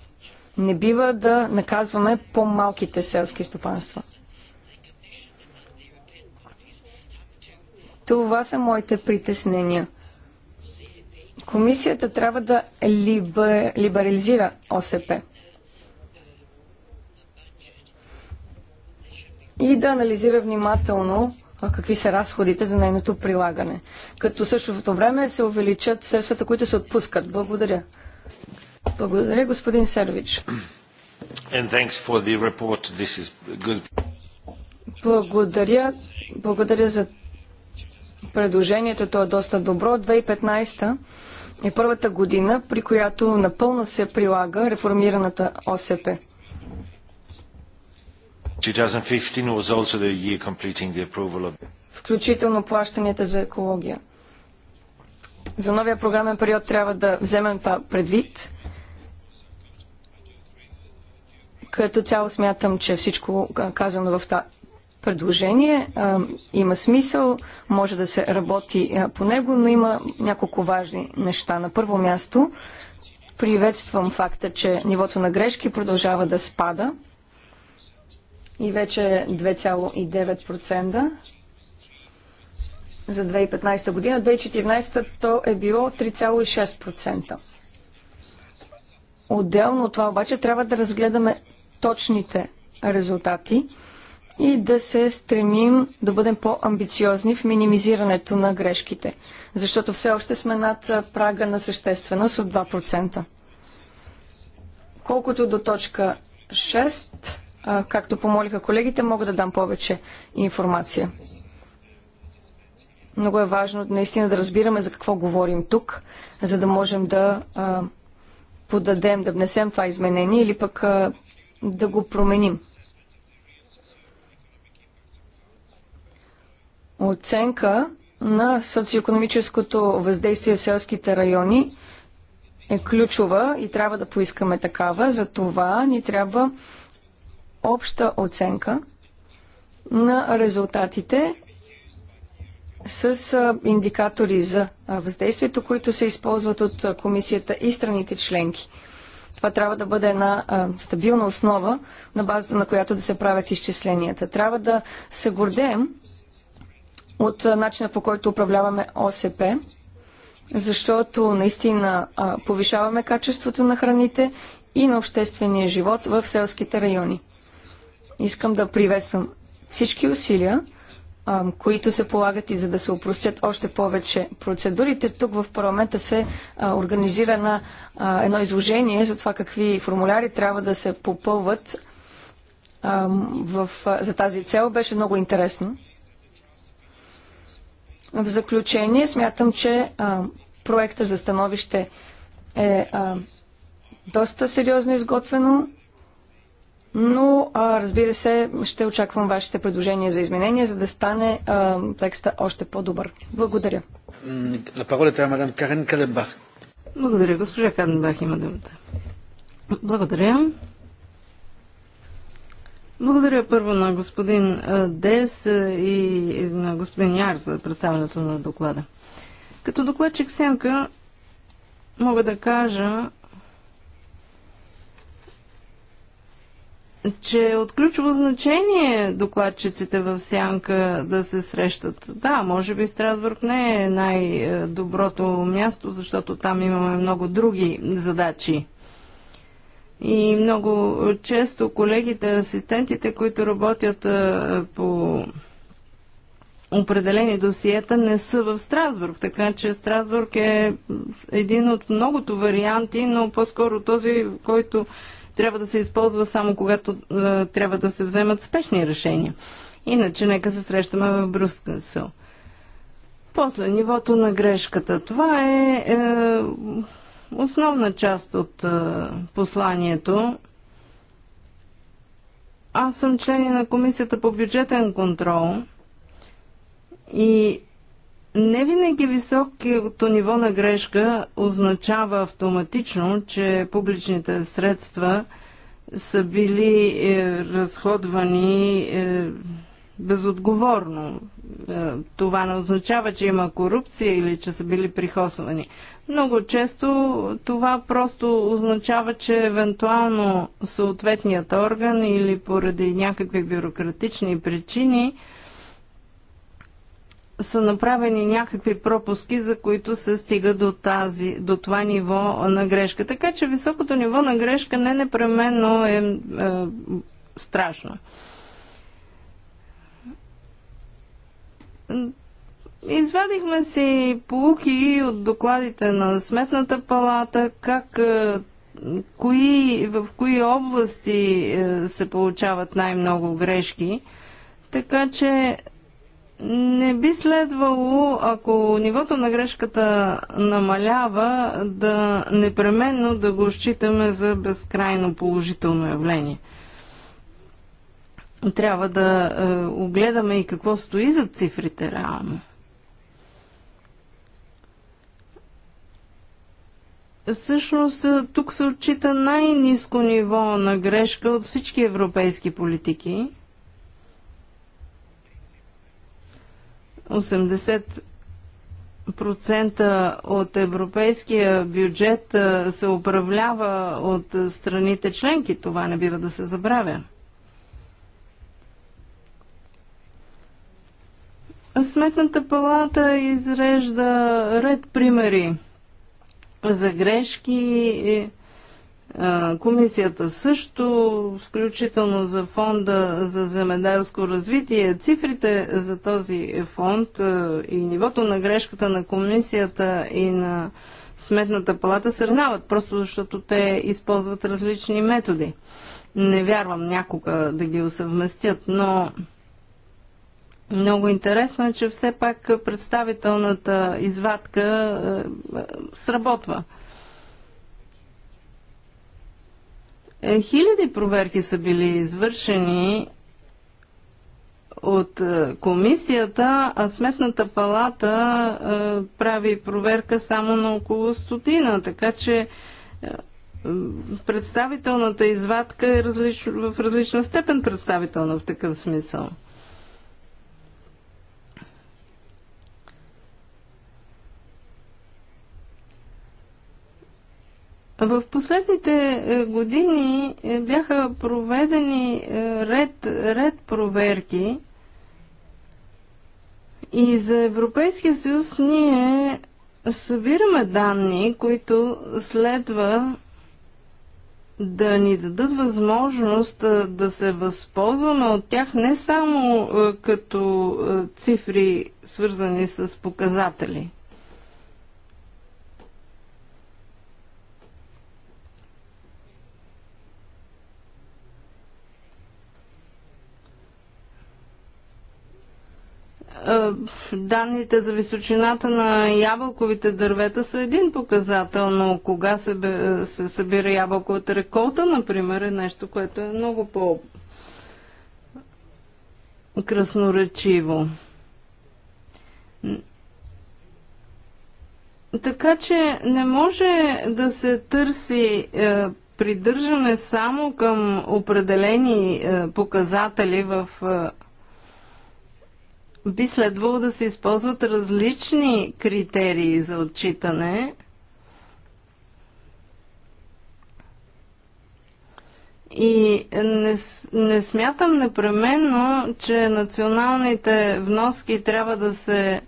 Speaker 3: Не бива да наказваме по-малките селски стопанства. Това са моите притеснения. Комисията трябва да либер... либерализира ОСП. И да анализира внимателно какви са разходите за нейното прилагане. Като същото време се увеличат средствата, които се отпускат. Благодаря. Благодаря, господин Сервич. Благодаря. Благодаря за предложението. То е доста добро. 2015 е първата година, при която напълно се прилага реформираната ОСП. Включително плащанията за екология. За новия програмен период трябва да вземем това предвид. Като цяло смятам, че всичко казано в това предложение а, има смисъл, може да се работи а, по него, но има няколко важни неща. На първо място приветствам факта, че нивото на грешки продължава да спада и вече е 2,9% за 2015 година. 2014 то е било 3,6%. Отделно от това обаче трябва да разгледаме точните резултати и да се стремим да бъдем по-амбициозни в минимизирането на грешките, защото все още сме над прага на същественост от 2%. Колкото до точка 6, както помолиха колегите, мога да дам повече информация. Много е важно наистина да разбираме за какво говорим тук, за да можем да а, подадем, да внесем това изменение или пък а, да го променим. Оценка на социоекономическото въздействие в селските райони е ключова и трябва да поискаме такава. За това ни трябва обща оценка на резултатите с индикатори за въздействието, които се използват от комисията и страните членки. Това трябва да бъде една стабилна основа, на базата на която да се правят изчисленията. Трябва да се гордеем от начина по който управляваме ОСП, защото наистина повишаваме качеството на храните и на обществения живот в селските райони. Искам да приветствам всички усилия, които се полагат и за да се упростят още повече процедурите. Тук в парламента се организира на, едно изложение за това какви формуляри трябва да се попълват в, за тази цел. Беше много интересно. В заключение смятам, че проекта за становище е доста сериозно изготвено но а, разбира се, ще очаквам вашите предложения за изменения, за да стане а, текста още по-добър. Благодаря.
Speaker 1: е мадам Карен
Speaker 3: Благодаря. Госпожа Каденбах има думата. Благодаря.
Speaker 1: Благодаря първо на господин Дес и на господин Яр за представянето на доклада. Като докладчик Сенка мога да кажа, че е от ключово значение докладчиците в Сянка да се срещат. Да, може би Страсбург не е най-доброто място, защото там имаме много други задачи. И много често колегите, асистентите, които работят по определени досиета, не са в Страсбург. Така че Страсбург е един от многото варианти, но по-скоро този, който трябва да се използва само когато е, трябва да се вземат спешни решения. Иначе нека се срещаме в Брюсел. После нивото на грешката. Това е, е основна част от е, посланието. Аз съм член на Комисията по бюджетен контрол и не винаги високото ниво на грешка означава автоматично, че публичните средства са били е, разходвани е, безотговорно. Е, това не означава, че има корупция или че са били прихосвани. Много често това просто означава, че евентуално съответният орган или поради някакви бюрократични причини – са направени някакви пропуски, за които се стига до, тази, до това ниво на грешка. Така че високото ниво на грешка не непременно е, е страшно. Извадихме си полуки от докладите на Сметната палата, как, е, кои, в кои области е, се получават най-много грешки. Така че не би следвало, ако нивото на грешката намалява, да непременно да го считаме за безкрайно положително явление. Трябва да е, огледаме и какво стои за цифрите реално. Всъщност е, тук се отчита най-низко ниво на грешка от всички европейски политики – 80% от европейския бюджет се управлява от страните членки. Това не бива да се забравя. Сметната палата изрежда ред примери за грешки, Комисията също, включително за фонда за земеделско развитие. Цифрите за този фонд и нивото на грешката на комисията и на Сметната палата се равняват, просто защото те използват различни методи. Не вярвам някога да ги усъвместят, но много интересно е, че все пак представителната извадка сработва. Е, хиляди проверки са били извършени от е, комисията, а Сметната палата е, прави проверка само на около стотина, така че представителната извадка е различ... в различна степен представителна в такъв смисъл. В последните е, години е, бяха проведени е, ред, ред проверки и за Европейския съюз ние събираме данни, които следва да ни дадат възможност да се възползваме от тях не само като цифри свързани с показатели – Е, данните за височината на ябълковите дървета са един показател, но кога се, се събира ябълковата реколта, например, е нещо, което е много по-красноречиво. Така че не може да се търси е, придържане само към определени е, показатели в е, би следвало да се използват различни критерии за отчитане. И не, не смятам непременно, че националните вноски трябва да се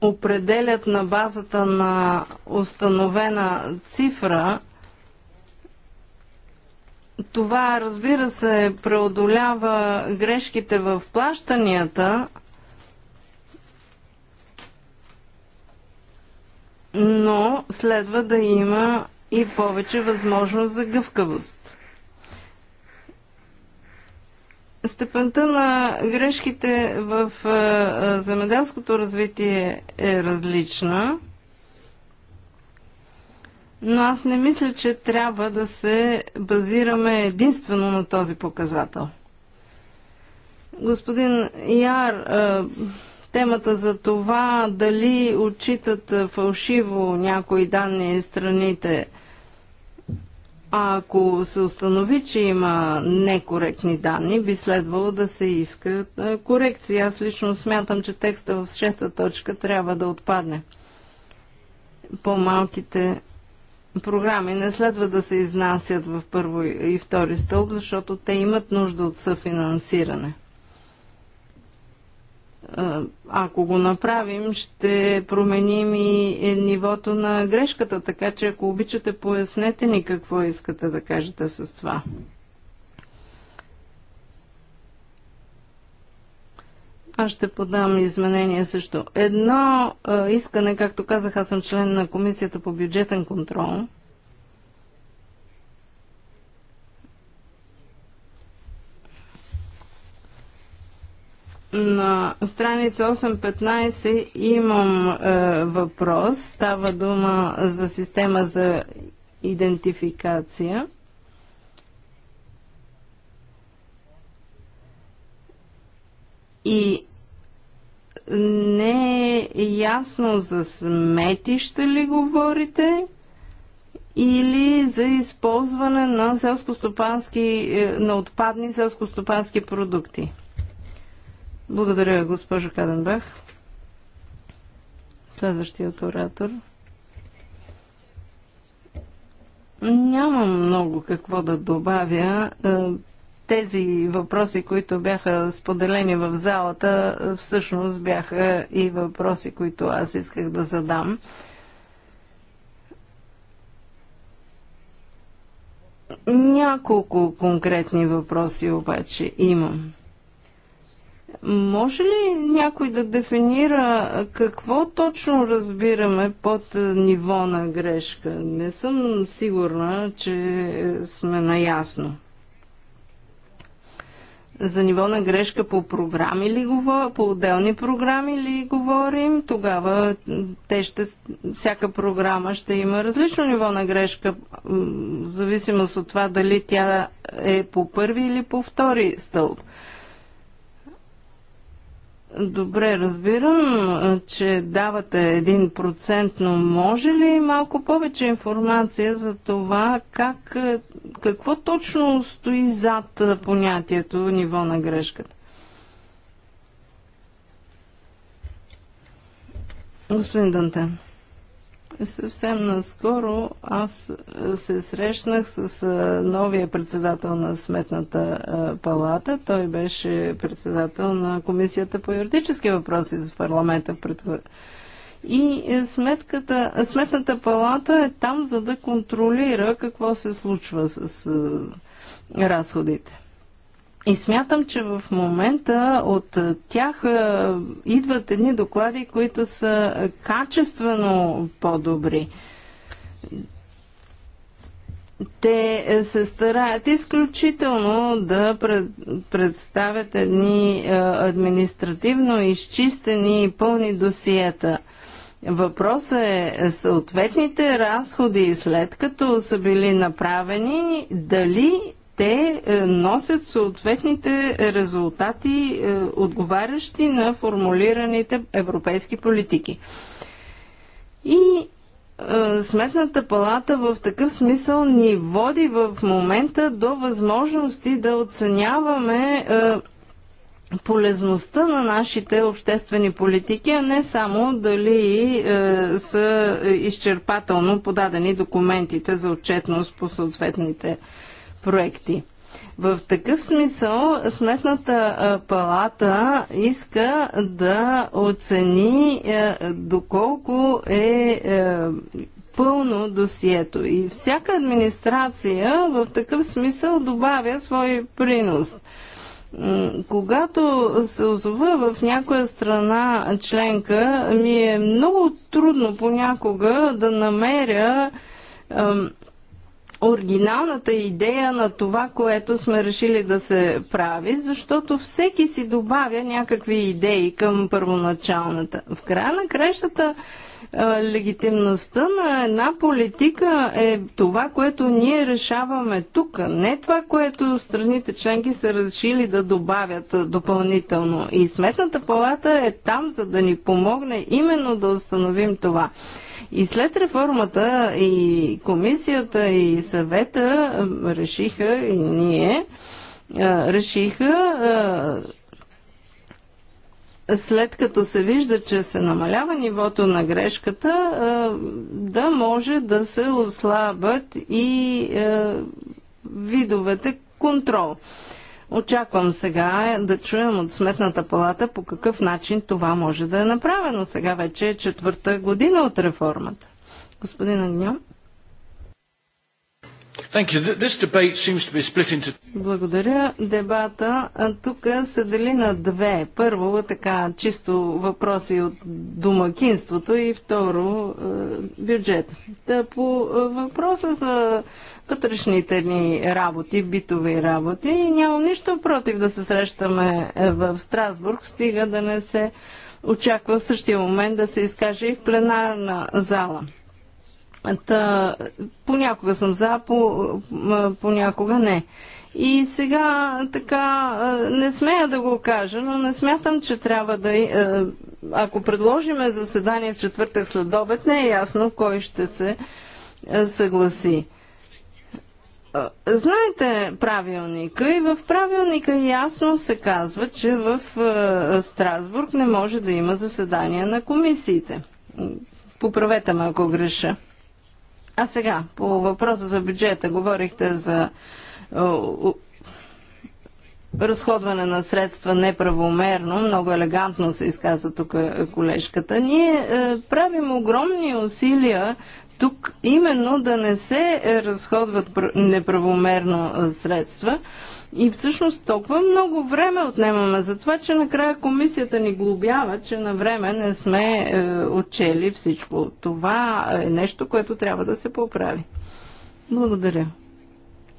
Speaker 1: определят на базата на установена цифра, това, разбира се, преодолява грешките в плащанията, но следва да има и повече възможност за гъвкавост. Степента на грешките в е, е, земеделското развитие е различна но аз не мисля, че трябва да се базираме единствено на този показател. Господин Яр, е, темата за това дали отчитат е, фалшиво някои данни и страните, а ако се установи, че има некоректни данни, би следвало да се иска е, корекция. Аз лично смятам, че текста в шеста точка трябва да отпадне. По-малките програми не следва да се изнасят в първо и втори стълб, защото те имат нужда от съфинансиране. Ако го направим, ще променим и нивото на грешката, така че ако обичате, пояснете ни какво искате да кажете с това. Аз ще подам изменения също. Едно а, искане, както казах, аз съм член на Комисията по бюджетен контрол. На страница 8.15 имам е, въпрос. Става дума за система за идентификация. И не е ясно за сметища ли говорите или за използване на, селскостопански, е, на отпадни селскостопански продукти. Благодаря, госпожо Каденбах. Следващият оратор. Нямам много какво да добавя. Е, тези въпроси, които бяха споделени в залата, всъщност бяха и въпроси, които аз исках да задам. Няколко конкретни въпроси обаче имам. Може ли някой да дефинира какво точно разбираме под ниво на грешка? Не съм сигурна, че сме наясно. За ниво на грешка по програми ли говорим, по отделни програми ли говорим, тогава те ще, всяка програма ще има различно ниво на грешка, в зависимост от това дали тя е по първи или по втори стълб. Добре, разбирам, че давате един процент, но може ли малко повече информация за това как, какво точно стои зад понятието ниво на грешката? Господин Дантен. Съвсем наскоро аз е, се срещнах с е, новия председател на Сметната е, палата. Той беше председател на Комисията по юридически въпроси за парламента. И сметката, Сметната палата е там, за да контролира какво се случва с разходите. И смятам, че в момента от тях е, идват едни доклади, които са качествено по-добри. Те се стараят изключително да пред, представят едни е, административно изчистени и пълни досиета. Въпросът е, е съответните разходи, след като са били направени, дали те е, носят съответните резултати, е, отговарящи на формулираните европейски политики. И е, Сметната палата в такъв смисъл ни води в момента до възможности да оценяваме полезността на нашите обществени политики, а не само дали е, са изчерпателно подадени документите за отчетност по съответните проекти. В такъв смисъл Сметната палата иска да оцени е, доколко е, е пълно досието. И всяка администрация в такъв смисъл добавя свой принос. Когато се озова в някоя страна членка, ми е много трудно понякога да намеря оригиналната идея на това, което сме решили да се прави, защото всеки си добавя някакви идеи към първоначалната. В края на крещата е, легитимността на една политика е това, което ние решаваме тук, не това, което страните членки са решили да добавят е, допълнително. И Сметната палата е там, за да ни помогне именно да установим това. И след реформата и комисията и съвета решиха и ние решиха след като се вижда, че се намалява нивото на грешката, да може да се ослабят и видовете контрол. Очаквам сега да чуем от Сметната палата по какъв начин това може да е направено. Сега вече е четвърта година от реформата. Господин Агньо. Благодаря. Дебата тук се дели на две. Първо, така, чисто въпроси от домакинството и второ, бюджет. Та по въпроса за вътрешните ни работи, битови работи, нямам нищо против да се срещаме е, в Страсбург, стига да не се очаква в същия момент да се изкаже и в пленарна зала. Та, понякога съм за, по, понякога не. И сега така, не смея да го кажа, но не смятам, че трябва да. Ако предложиме заседание в четвъртък след обед, не е ясно кой ще се съгласи. Знаете правилника и в правилника ясно се казва, че в Страсбург не може да има заседания на комисиите. Поправете ме, ако греша. А сега, по въпроса за бюджета, говорихте за разходване на средства неправомерно, много елегантно се изказа тук е, колежката. Ние е, правим огромни усилия тук именно да не се разходват неправомерно средства. И всъщност толкова много време отнемаме за това, че накрая комисията ни глобява, че на време не сме е, отчели всичко. Това е нещо, което трябва да се поправи. Благодаря.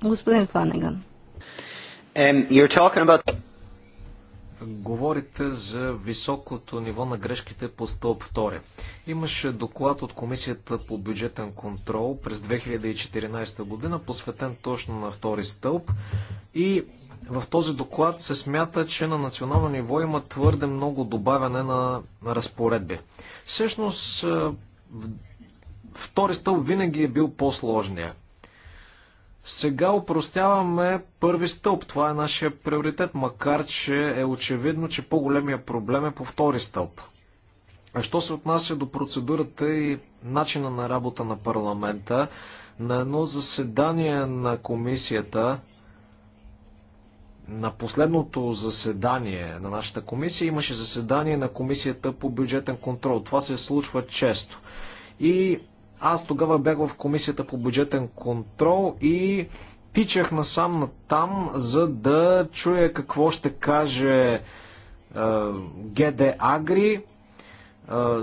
Speaker 1: Господин Фланеган.
Speaker 2: Um, you're talking about говорите за високото ниво на грешките по стълб 2. Имаше доклад от Комисията по бюджетен контрол през 2014 година, посветен точно на втори стълб. И в този доклад се смята, че на национално ниво има твърде много добавяне на разпоредби. Всъщност, втори стълб винаги е бил по-сложния. Сега упростяваме първи стълб. Това е нашия приоритет, макар че е очевидно, че по-големия проблем е по втори стълб. А що се отнася до процедурата и начина на работа на парламента, на едно заседание на комисията, на последното заседание на нашата комисия имаше заседание на комисията по бюджетен контрол. Това се случва често. И аз тогава бях в комисията по бюджетен контрол и тичах насам на там, за да чуя какво ще каже е, ГД Агри. Е,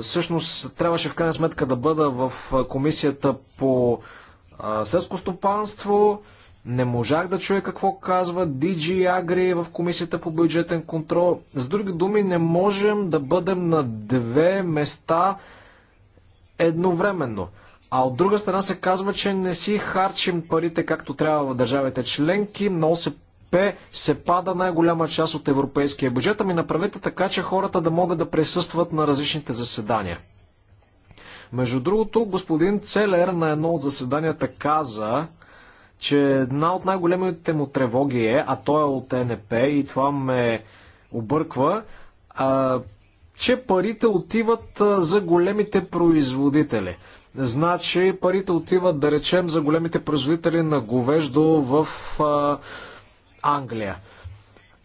Speaker 2: всъщност трябваше в крайна сметка да бъда в комисията по е, селско стопанство. Не можах да чуя какво казва DG Agri в комисията по бюджетен контрол. С други думи, не можем да бъдем на две места едновременно. А от друга страна се казва, че не си харчим парите както трябва в държавите членки, но се се пада най-голяма част от европейския бюджет, ами направете така, че хората да могат да присъстват на различните заседания. Между другото, господин Целер на едно от заседанията каза, че една от най-големите му тревоги е, а той е от НП и това ме обърква, а, че парите отиват за големите производители. Значи парите отиват, да речем, за големите производители на говеждо в а, Англия.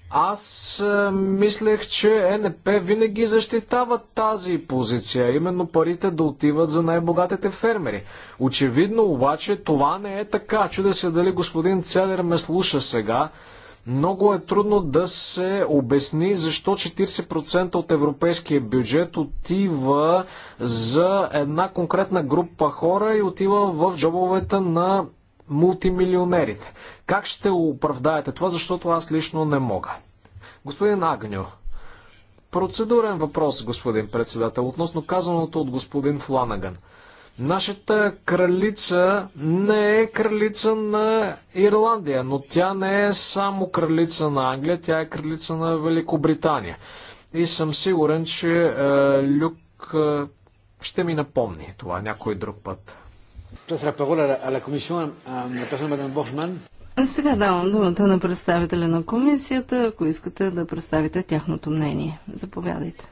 Speaker 2: Аз а, мислех, че НП винаги защитава тази позиция, именно парите да отиват за най-богатите фермери. Очевидно обаче това не е така. Чуда се дали господин Цедер ме слуша сега. Много е трудно да се обясни защо 40% от европейския бюджет отива за една конкретна група хора и отива в джобовете на мултимилионерите. Как ще оправдаете това, защото аз лично не мога. Господин Агню, процедурен въпрос, господин председател, относно казаното от господин Фланаган – Нашата кралица не е кралица на Ирландия, но тя не е само кралица на Англия, тя е кралица на Великобритания. И съм сигурен, че е, Люк е, ще ми напомни това някой друг път.
Speaker 1: А сега давам думата на представителя на комисията, ако искате да представите тяхното мнение. Заповядайте.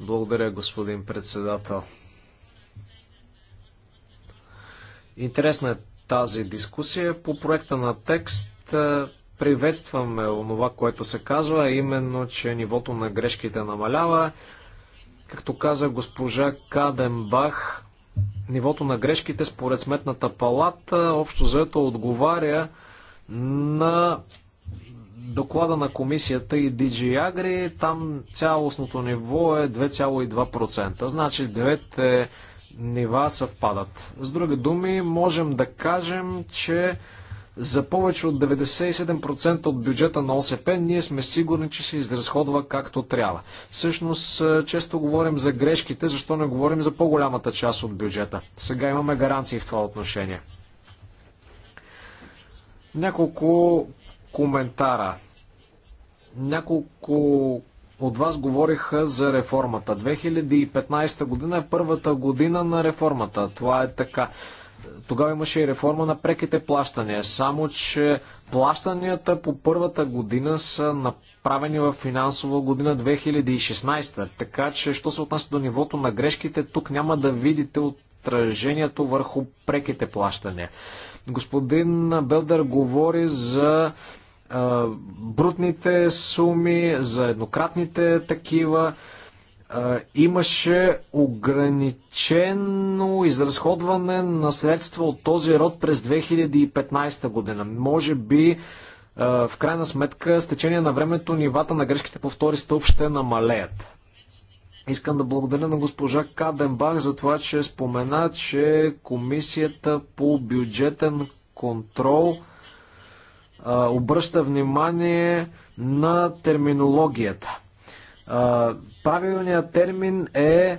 Speaker 2: Благодаря, господин председател. Интересна е тази дискусия. По проекта на текст е, приветстваме онова, което се казва, именно, че нивото на грешките намалява. Както каза госпожа Каденбах, нивото на грешките според сметната палата общо заето отговаря на доклада на комисията и DG Agri, там цялостното ниво е 2,2%. Значи девете нива съвпадат. С други думи, можем да кажем, че за повече от 97% от бюджета на ОСП ние сме сигурни, че се изразходва както трябва. Всъщност, е, често говорим за грешките, защо не говорим за по-голямата част от бюджета. Сега имаме гаранции в това отношение. Няколко коментара. Няколко от вас говориха за реформата. 2015 година е първата година на реформата. Това е така. Тогава имаше и реформа на преките плащания. Само, че плащанията по първата година са направени в финансова година 2016. Така че, що се отнася до нивото на грешките, тук няма да видите отражението върху преките плащания. Господин Белдър говори за брутните суми, за еднократните такива. Имаше ограничено изразходване на средства от този род през 2015 година. Може би в крайна сметка с течение на времето нивата на грешките по втори стълб ще намалеят. Искам да благодаря на госпожа Каденбах за това, че спомена, че комисията по бюджетен контрол – обръща внимание на терминологията. Правилният термин е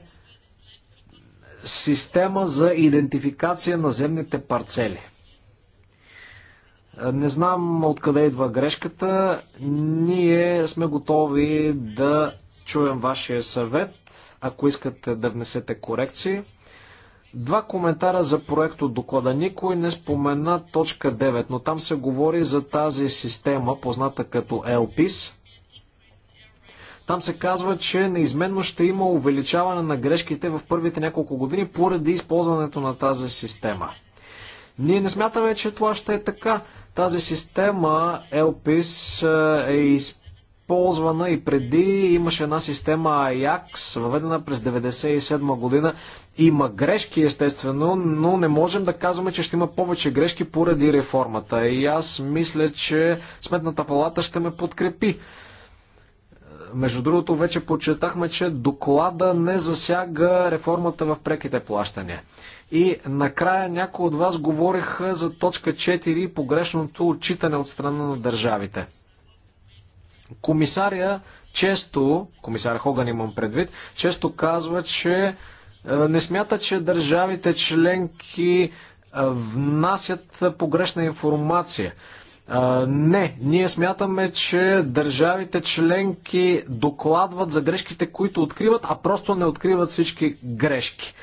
Speaker 2: система за идентификация на земните парцели. Не знам откъде идва грешката. Ние сме готови да чуем вашия съвет, ако искате да внесете корекции. Два коментара за проект от доклада. Никой не спомена точка 9, но там се говори за тази система, позната като LPIS. Там се казва, че неизменно ще има увеличаване на грешките в първите няколко години поради използването на тази система. Ние не смятаме, че това ще е така. Тази система LPIS е, е използвана използвана и преди. Имаше една система AJAX, въведена през 1997 година. Има грешки, естествено, но не можем да казваме, че ще има повече грешки поради реформата. И аз мисля, че Сметната палата ще ме подкрепи. Между другото, вече почетахме, че доклада не засяга реформата в преките плащания. И накрая някои от вас говориха за точка 4 погрешното отчитане от страна на държавите. Комисаря често, комисар Хоган имам предвид, често казва, че е, не смята, че държавите членки е, внасят погрешна информация. Е, не, ние смятаме, че държавите членки докладват за грешките, които откриват, а просто не откриват всички грешки.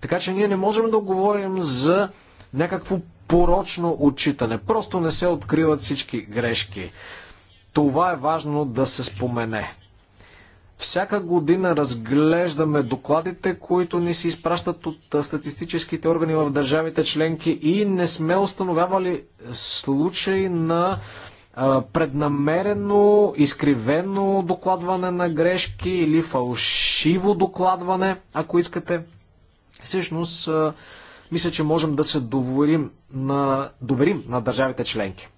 Speaker 2: Така че ние не можем да говорим за някакво порочно отчитане. Просто не се откриват всички грешки. Това е важно да се спомене. Всяка година разглеждаме докладите, които ни се изпращат от статистическите органи в държавите членки и не сме установявали случаи на преднамерено, изкривено докладване на грешки или фалшиво докладване, ако искате. Всъщност, мисля, че можем да се доверим на, доверим на държавите членки.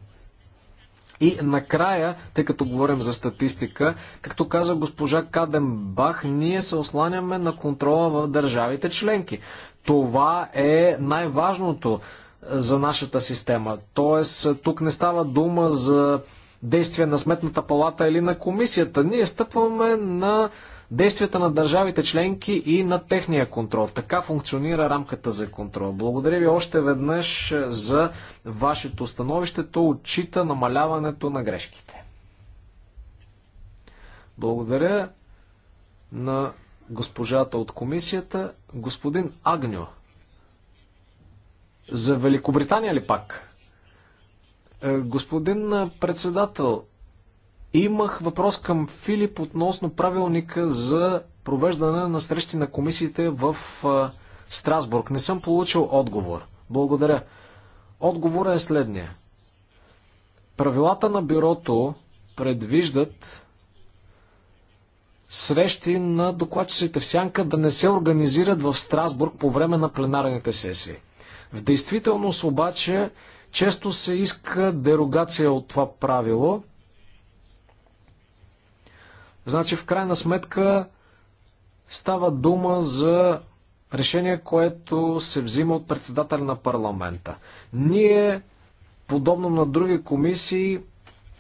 Speaker 2: И накрая, тъй като говорим за статистика, както каза госпожа Каденбах, ние се осланяме на контрола в държавите членки. Това е най-важното е, за нашата система. Тоест, е, тук не става дума за действия на Сметната палата или на комисията. Ние стъпваме на действията на държавите членки и на техния контрол. Така функционира рамката за контрол. Благодаря ви още веднъж е, за вашето становище. То отчита намаляването на грешките. Благодаря на госпожата от комисията, господин Агньо. За Великобритания ли пак? Е, господин председател, Имах въпрос към Филип относно правилника за провеждане на срещи на комисиите в Страсбург. Не съм получил отговор. Благодаря. Отговорът е следния. Правилата на бюрото предвиждат срещи на докладчиците в Сянка да не се организират в Страсбург по време на пленарните сесии. В действителност обаче често се иска дерогация от това правило Значи, в крайна сметка, става дума за решение, което се взима от председателя на парламента. Ние, подобно на други комисии,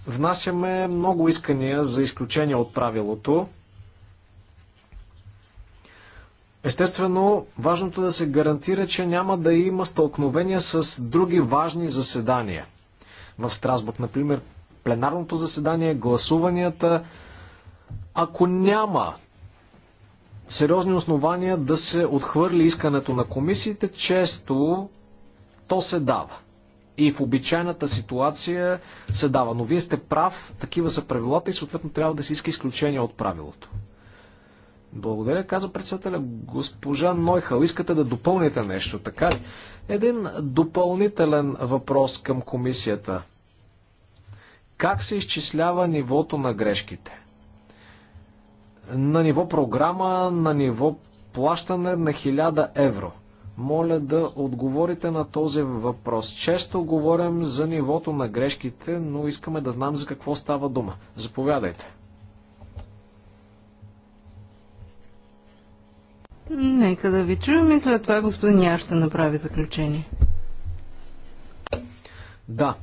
Speaker 2: внасяме много искания за изключение от правилото. Естествено, важното е да се гарантира, че няма да има стълкновения с други важни заседания. В Страсбург, например, пленарното заседание, гласуванията, ако няма сериозни основания да се отхвърли искането на комисиите, често то се дава. И в обичайната ситуация се дава. Но вие сте прав, такива са правилата и съответно трябва да се иска изключение от правилото. Благодаря, каза председателя. Госпожа Нойхал, искате да допълните нещо, така ли? Един допълнителен въпрос към комисията. Как се изчислява нивото на грешките? на ниво програма, на ниво плащане на 1000 евро. Моля да отговорите на този въпрос. Често говорим за нивото на грешките, но искаме да знам за какво става дума. Заповядайте.
Speaker 1: Нека да ви чуем и след това господин Я ще направи заключение.
Speaker 2: Да,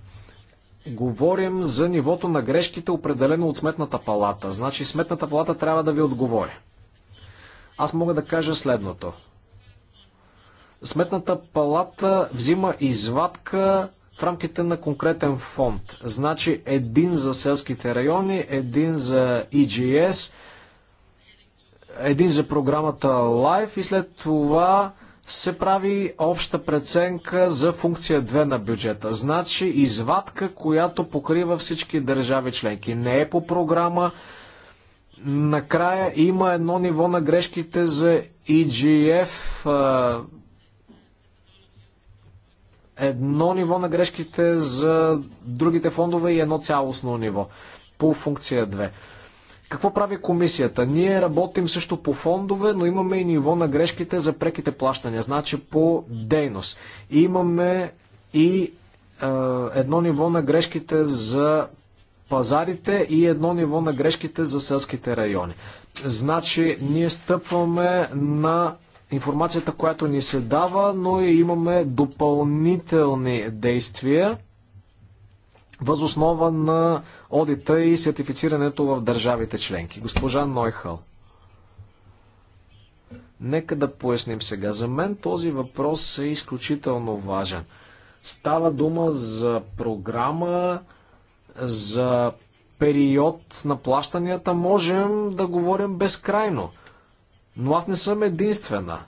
Speaker 2: говорим за нивото на грешките, определено от Сметната палата. Значи Сметната палата трябва да ви отговори. Аз мога да кажа следното. Сметната палата взима извадка в рамките на конкретен фонд. Значи един за селските райони, един за EGS, един за програмата Life и след това се прави обща преценка за функция 2 на бюджета. Значи извадка, която покрива всички държави членки. Не е по програма. Накрая има едно ниво на грешките за EGF. Едно ниво на грешките за другите фондове и едно цялостно ниво по функция 2. Какво прави комисията? Ние работим също по фондове, но имаме и ниво на грешките за преките плащания, значи по дейност. И имаме и е, едно ниво на грешките за пазарите и едно ниво на грешките за селските райони. Значи ние стъпваме на информацията, която ни се дава, но и имаме допълнителни действия възоснова на одита и сертифицирането в държавите членки. Госпожа Нойхал. Нека да поясним сега. За мен този въпрос е изключително важен. Става дума за програма, за период на плащанията. Можем да говорим безкрайно. Но аз не съм единствена.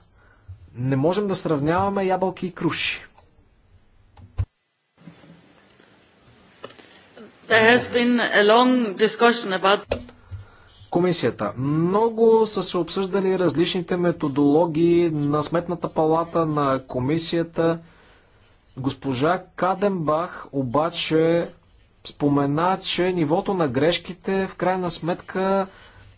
Speaker 2: Не можем да сравняваме ябълки и круши. About... Комисията. Много са се обсъждали различните методологии на Сметната палата, на комисията. Госпожа Каденбах обаче спомена, че нивото на грешките в крайна сметка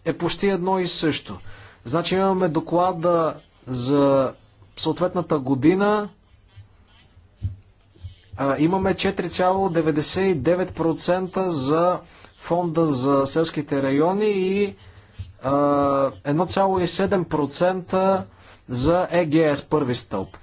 Speaker 2: е почти едно и също. Значи имаме доклада за съответната година, имаме 4,99% за фонда за селските райони и 1,7% за ЕГС първи стълб.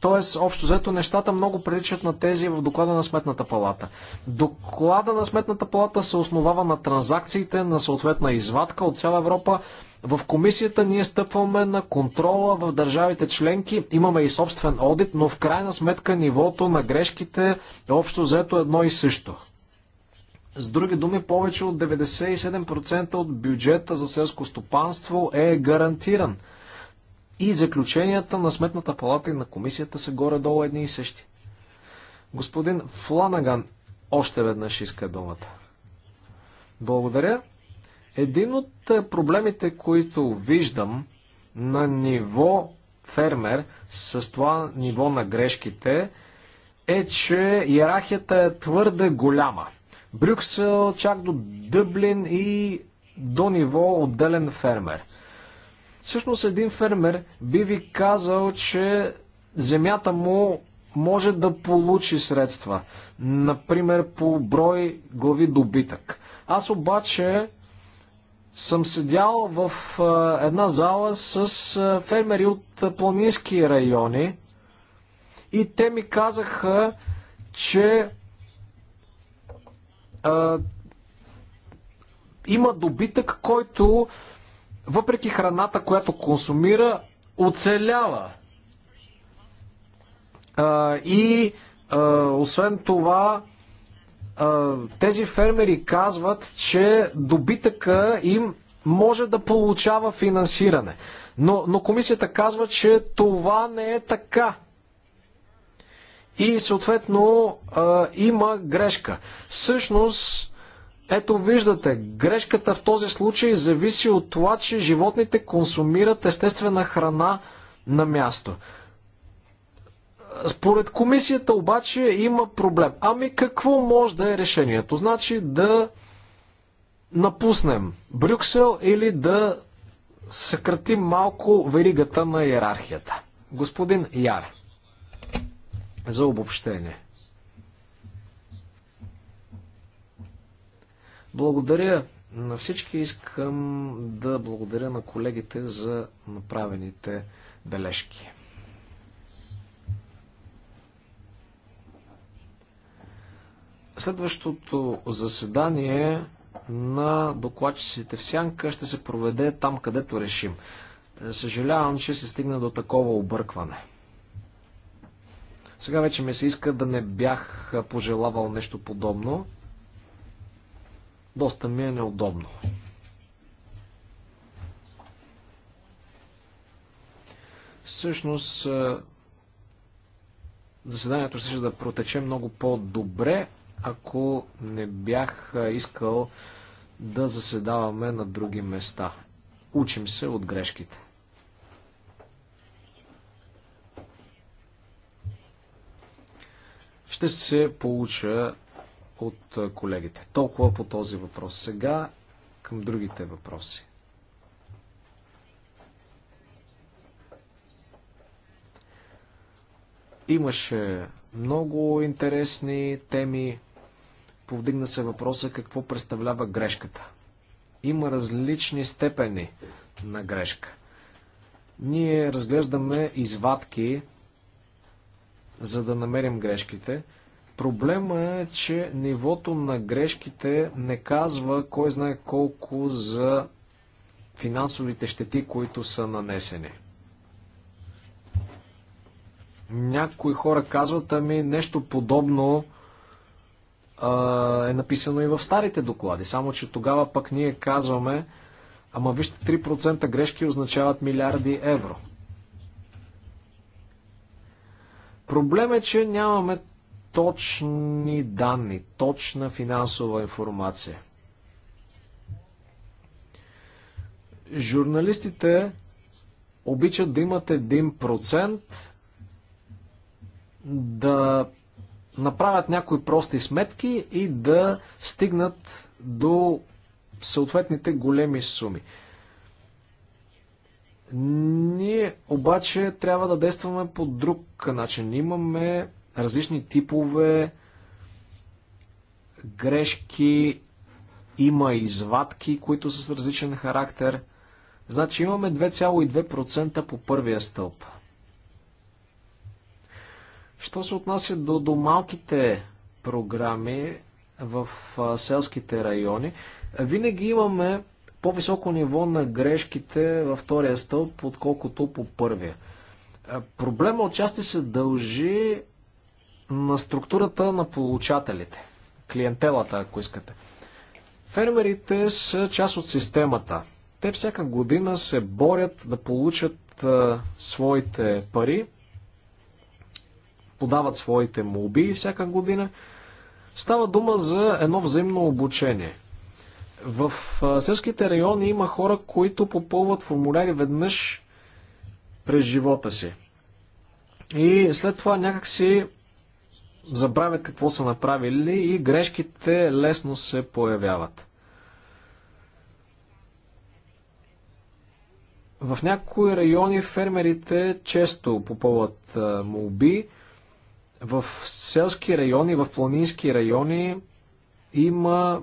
Speaker 2: Тоест, общо взето, нещата много приличат на тези в доклада на Сметната палата. Доклада на Сметната палата се основава на транзакциите на съответна извадка от цяла Европа. В комисията ние стъпваме на контрола в държавите членки. Имаме и собствен одит, но в крайна сметка нивото на грешките е общо взето едно и също. С други думи, повече от 97% от бюджета за селско стопанство е гарантиран. И заключенията на Сметната палата и на комисията са горе-долу едни и същи. Господин Фланаган още веднъж иска думата. Благодаря. Един от е, проблемите, които виждам на ниво фермер с това ниво на грешките е, че иерархията е твърде голяма. Брюксел, чак до Дъблин и до ниво отделен фермер. Всъщност един фермер би ви казал, че земята му може да получи средства. Например, по брой глави добитък. Аз обаче съм седял в една зала с фермери от планински райони и те ми казаха, че а, има добитък, който въпреки храната, която консумира, оцелява. А, и а, освен това, тези фермери казват, че добитъка им може да получава финансиране. Но, но комисията казва, че това не е така. И съответно а, има грешка. Всъщност, ето виждате, грешката в този случай зависи от това, че животните консумират естествена храна на място. Според комисията обаче има проблем. Ами какво може да е решението? Значи да напуснем Брюксел или да съкратим малко веригата на иерархията. Господин Яр, за обобщение. Благодаря на всички. Искам да благодаря на колегите за направените бележки. Следващото заседание на докладчиците в Сянка ще се проведе там, където решим. Е, съжалявам, че се стигна до такова объркване. Сега вече ми се иска да не бях пожелавал нещо подобно. Доста ми е неудобно. Всъщност, е, заседанието ще да протече много по-добре, ако не бях искал да заседаваме на други места. Учим се от грешките. Ще се получа от колегите. Толкова по този въпрос. Сега към другите въпроси. Имаше много интересни теми. Повдигна се въпроса какво представлява грешката. Има различни степени на грешка. Ние разглеждаме извадки, за да намерим грешките. Проблема е, че нивото на грешките не казва кой знае колко за финансовите щети, които са нанесени. Някои хора казват, ами нещо подобно е написано и в старите доклади. Само, че тогава пък ние казваме, ама вижте, 3% грешки означават милиарди евро. Проблем е, че нямаме точни данни, точна финансова информация. Журналистите обичат да имат 1%, да направят някои прости сметки и да стигнат до съответните големи суми. Ние обаче трябва да действаме по друг начин. Имаме различни типове грешки, има извадки, които са с различен характер. Значи имаме 2,2% по първия стълб. Що се отнася до, до малките програми в селските райони, винаги имаме по-високо ниво на грешките във втория стълб, отколкото по първия. Проблема отчасти се дължи на структурата на получателите, клиентелата, ако искате. Фермерите са част от системата. Те всяка година се борят да получат а, своите пари подават своите молби всяка година. Става дума за едно взаимно обучение. В селските райони има хора, които попълват формуляри веднъж през живота си. И след това някакси забравят какво са направили и грешките лесно се появяват. В някои райони фермерите често попълват молби, в селски райони, в планински райони има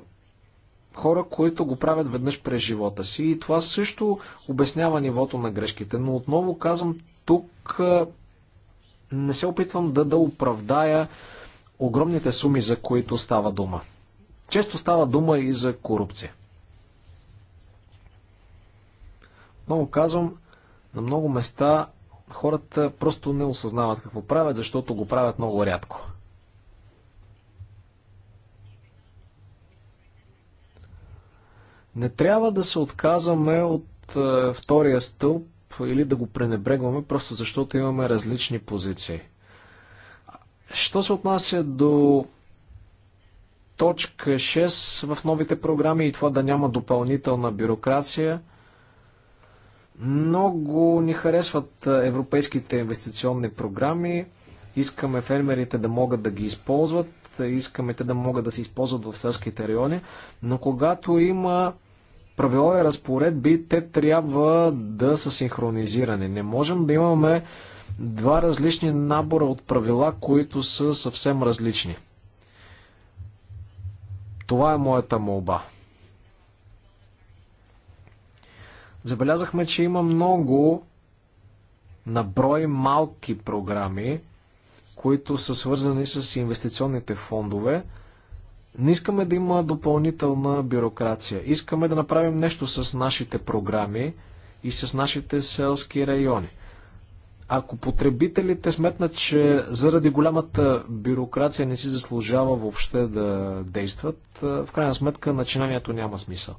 Speaker 2: хора, които го правят веднъж през живота си и това също обяснява нивото на грешките. Но отново казвам, тук не се опитвам да, да оправдая огромните суми, за които става дума. Често става дума и за корупция. Отново казвам, на много места хората просто не осъзнават какво правят, защото го правят много рядко. Не трябва да се отказваме от е, втория стълб или да го пренебрегваме, просто защото имаме различни позиции. Що се отнася до точка 6 в новите програми и това да няма допълнителна бюрокрация, много ни харесват европейските инвестиционни програми. Искаме фермерите да могат да ги използват, искаме те да могат да се използват в селските райони, но когато има правила и разпоредби, те трябва да са синхронизирани. Не можем да имаме два различни набора от правила, които са съвсем различни. Това е моята молба. Забелязахме, че има много наброй малки програми, които са свързани с инвестиционните фондове. Не искаме да има допълнителна бюрокрация. Искаме да направим нещо с нашите програми и с нашите селски райони. Ако потребителите сметнат, че заради голямата бюрокрация не си заслужава въобще да действат, в крайна сметка начинанието няма смисъл.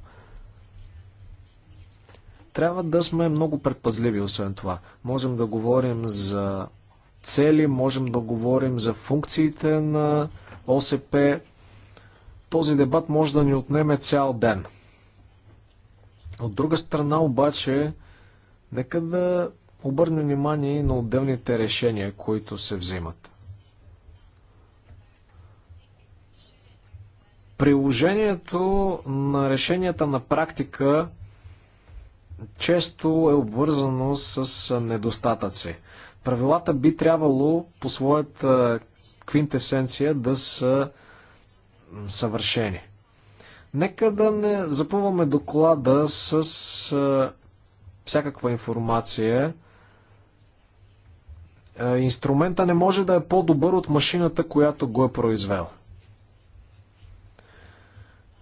Speaker 2: Трябва да сме много предпазливи, освен това. Можем да говорим за цели, можем да говорим за функциите на ОСП. Този дебат може да ни отнеме цял ден. От друга страна обаче, нека да обърнем внимание на отделните решения, които се взимат. Приложението на решенията на практика често е обвързано с недостатъци. Правилата би трябвало по своята квинтесенция да са съвършени. Нека да не запълваме доклада с всякаква информация. Инструмента не може да е по-добър от машината, която го е произвела.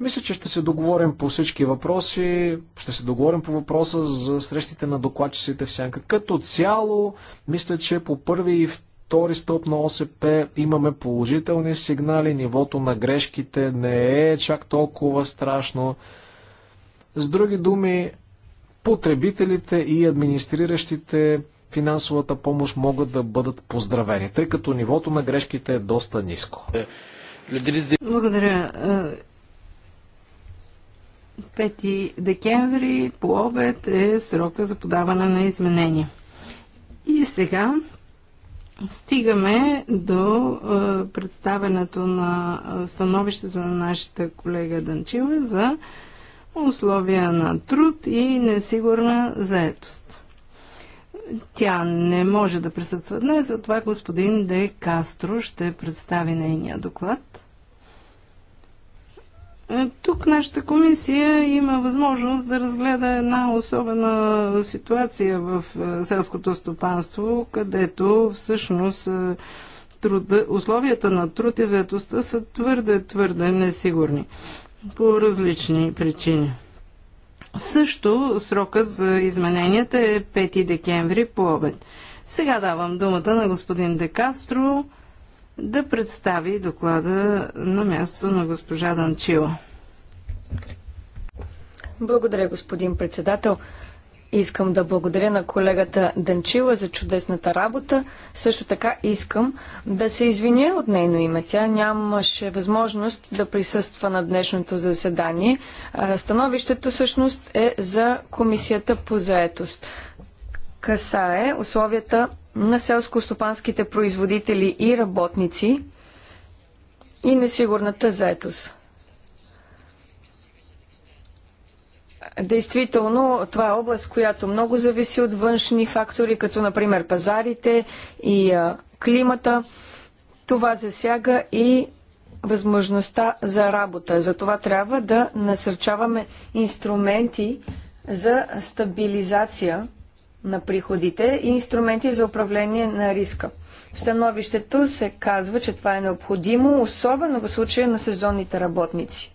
Speaker 2: Мисля, че ще се договорим по всички въпроси, ще се договорим по въпроса за срещите на докладчиците в сянка. Като цяло, мисля, че по първи и втори стълб на ОСП имаме положителни сигнали, нивото на грешките не е чак толкова страшно. С други думи, потребителите и администриращите финансовата помощ могат да бъдат поздравени, тъй като нивото на грешките е доста ниско.
Speaker 1: Благодаря. 5 декември по обед е срока за подаване на изменения. И сега стигаме до представенето на становището на нашата колега Данчила за условия на труд и несигурна заетост. Тя не може да присъства днес, затова господин Де Кастро ще представи нейния доклад. Е, тук нашата комисия има възможност да разгледа една особена ситуация в е, селското стопанство, където всъщност е, труда, условията на труд и заедостта са твърде, твърде несигурни по различни причини. Също срокът за измененията е 5 декември по обед. Сега давам думата на господин Декастро. Кастро да представи доклада на място на госпожа Данчила.
Speaker 3: Благодаря, господин председател. Искам да благодаря на колегата Данчила за чудесната работа. Също така искам да се извиня от нейно име. Тя нямаше възможност да присъства на днешното заседание. Становището всъщност е за Комисията по заетост. Касае условията на селско-стопанските производители и работници и несигурната заетост. Действително, това е област, която много зависи от външни фактори, като например пазарите и а, климата. Това засяга и възможността за работа. Затова трябва да насърчаваме инструменти за стабилизация на приходите и инструменти за управление на риска. В становището се казва, че това е необходимо, особено в случая на сезонните работници.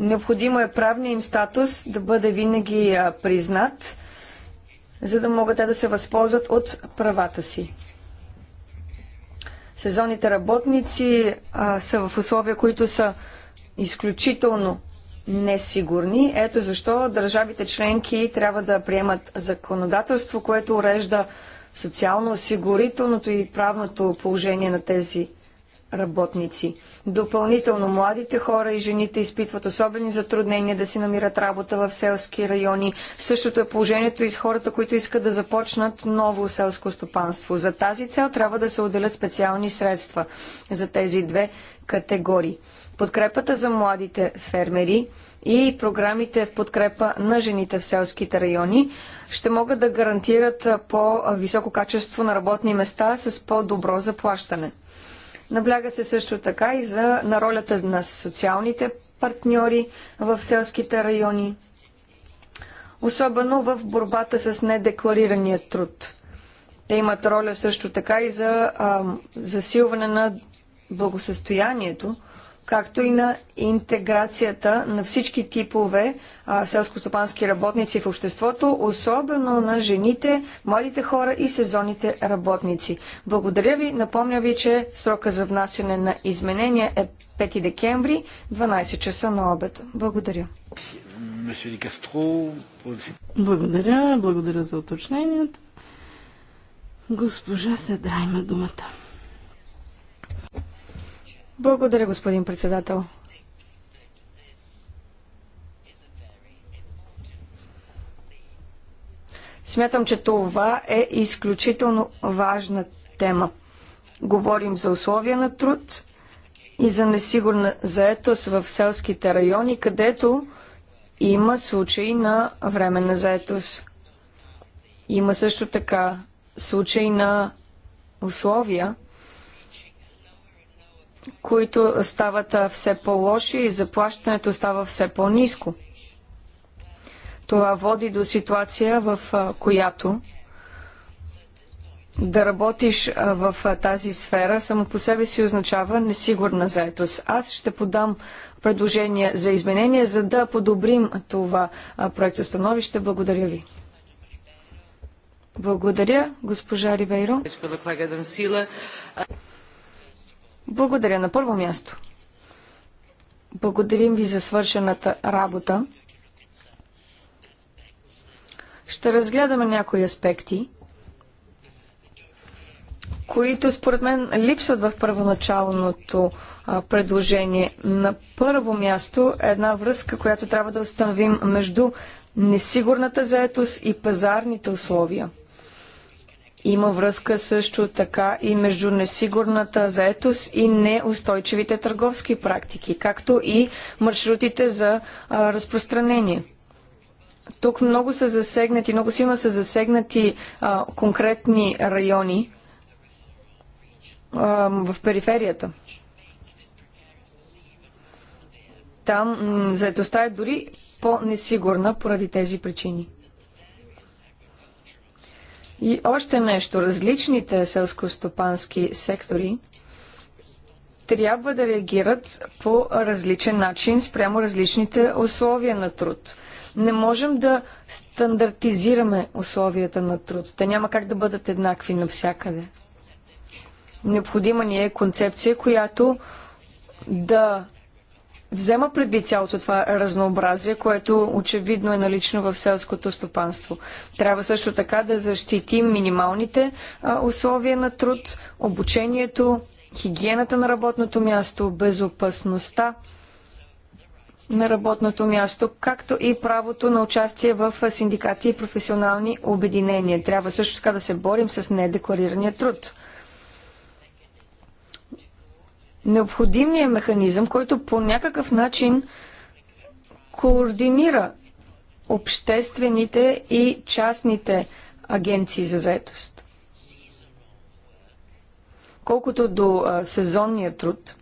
Speaker 3: Необходимо е правния им статус да бъде винаги признат, за да могат те да се възползват от правата си. Сезонните работници а, са в условия, които са изключително несигурни. Ето защо държавите членки трябва да приемат законодателство, което урежда социално-осигурителното и правното положение на тези работници. Допълнително младите хора и жените изпитват особени затруднения да си намират работа в селски райони. Същото е положението и с хората, които искат да започнат ново селско стопанство. За тази цел трябва да се отделят специални средства за тези две категории подкрепата за младите фермери и програмите в подкрепа на жените в селските райони ще могат да гарантират по-високо качество на работни места с по-добро заплащане. Набляга се също така и за, на ролята на социалните партньори в селските райони, особено в борбата с недекларирания труд. Те имат роля също така и за а, засилване на благосъстоянието както и на интеграцията на всички типове селско-стопански работници в обществото, особено на жените, младите хора и сезонните работници. Благодаря ви. Напомня ви, че срока за внасяне на изменения е 5 декември, 12 часа на обед. Благодаря.
Speaker 1: Благодаря, благодаря
Speaker 3: за уточненията. Госпожа Седра има думата. Благодаря, господин председател. Смятам, че това е изключително важна тема. Говорим за условия на труд и за несигурна заетост в селските райони, където има случаи на временна заетост. Има също така случаи на условия, които стават все по-лоши и заплащането става все по-низко. Това води до ситуация, в която да работиш в тази сфера само по себе си означава несигурна заетост. Аз ще подам предложение за изменение, за да подобрим това проекто становище. Благодаря ви. Благодаря, госпожа Ривейро. Благодаря на първо място. Благодарим ви за свършената работа. Ще разгледаме някои аспекти, които според мен липсват в първоначалното предложение. На първо място е една връзка, която трябва да установим между несигурната заетост и пазарните условия – има връзка също така и между несигурната заетост и неустойчивите търговски практики, както и маршрутите за а, разпространение. Тук много са засегнати, много силно са засегнати а, конкретни райони а, в периферията. Там заедостта е дори по-несигурна поради тези причини. И още нещо, различните селско-стопански сектори трябва да реагират по различен начин спрямо различните условия на труд. Не можем да стандартизираме условията на труд. Те няма как да бъдат еднакви навсякъде. Необходима ни е концепция, която да взема предвид цялото това разнообразие, което очевидно е налично в селското стопанство. Трябва също така да защитим минималните условия на труд, обучението, хигиената на работното място, безопасността на работното място, както и правото на участие в синдикати и професионални обединения. Трябва също така да се борим с недекларирания труд необходимия механизъм, който по някакъв начин координира обществените и частните агенции за заетост. Колкото до а, сезонния труд,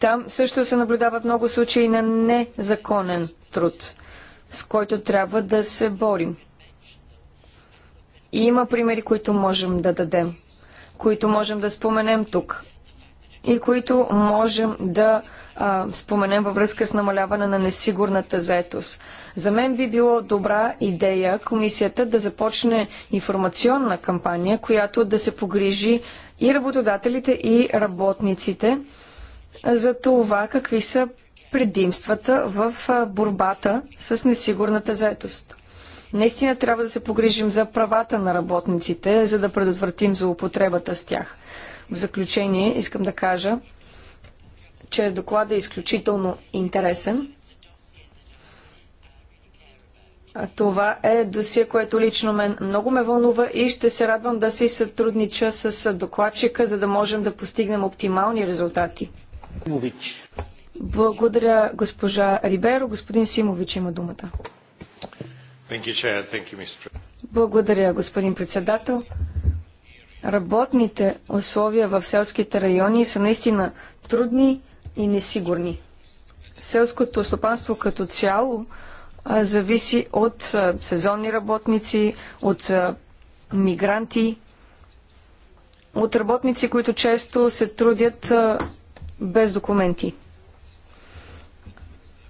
Speaker 3: там също се наблюдават много случаи на незаконен труд, с който трябва да се борим. И има примери, които можем да дадем които можем да споменем тук и които можем да а, споменем във връзка с намаляване на несигурната заетост. За мен би било добра идея комисията да започне информационна кампания, която да се погрижи и работодателите, и работниците за това какви са предимствата в борбата с несигурната заетост. Наистина трябва да се погрижим за правата на работниците, за да предотвратим злоупотребата с тях. В заключение искам да кажа, че докладът е изключително интересен. А това е досие, което лично мен много ме вълнува и ще се радвам да се сътруднича с докладчика, за да можем да постигнем оптимални резултати. Благодаря, госпожа Риберо. Господин Симович има думата. Благодаря, господин председател. Работните условия в селските райони са наистина трудни и несигурни. Селското стопанство като цяло зависи от сезонни работници, от мигранти, от работници, които често се трудят без документи.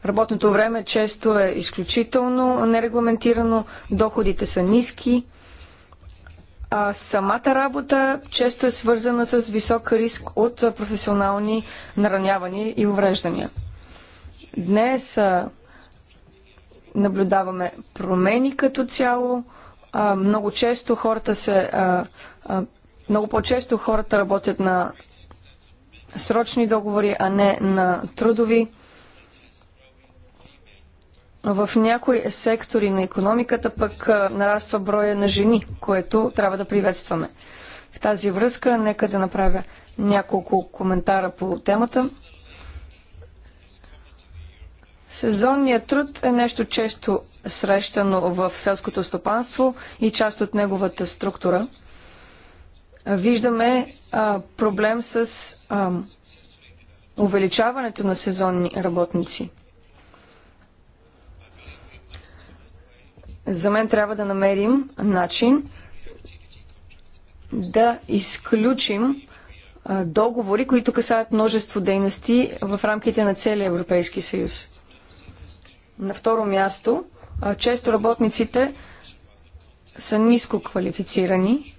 Speaker 3: Работното време често е изключително нерегламентирано, доходите са ниски, а самата работа често е свързана с висок риск от професионални наранявания и увреждания. Днес наблюдаваме промени като цяло. много често хората се. много по-често хората работят на срочни договори, а не на трудови в някои сектори на економиката пък нараства броя на жени, което трябва да приветстваме. В тази връзка нека да направя няколко коментара по темата. Сезонният труд е нещо често срещано в селското стопанство и част от неговата структура. Виждаме а, проблем с а, увеличаването на сезонни работници – За мен трябва да намерим начин да изключим договори, които касаят множество дейности в рамките на целия Европейски съюз. На второ място, често работниците са ниско квалифицирани,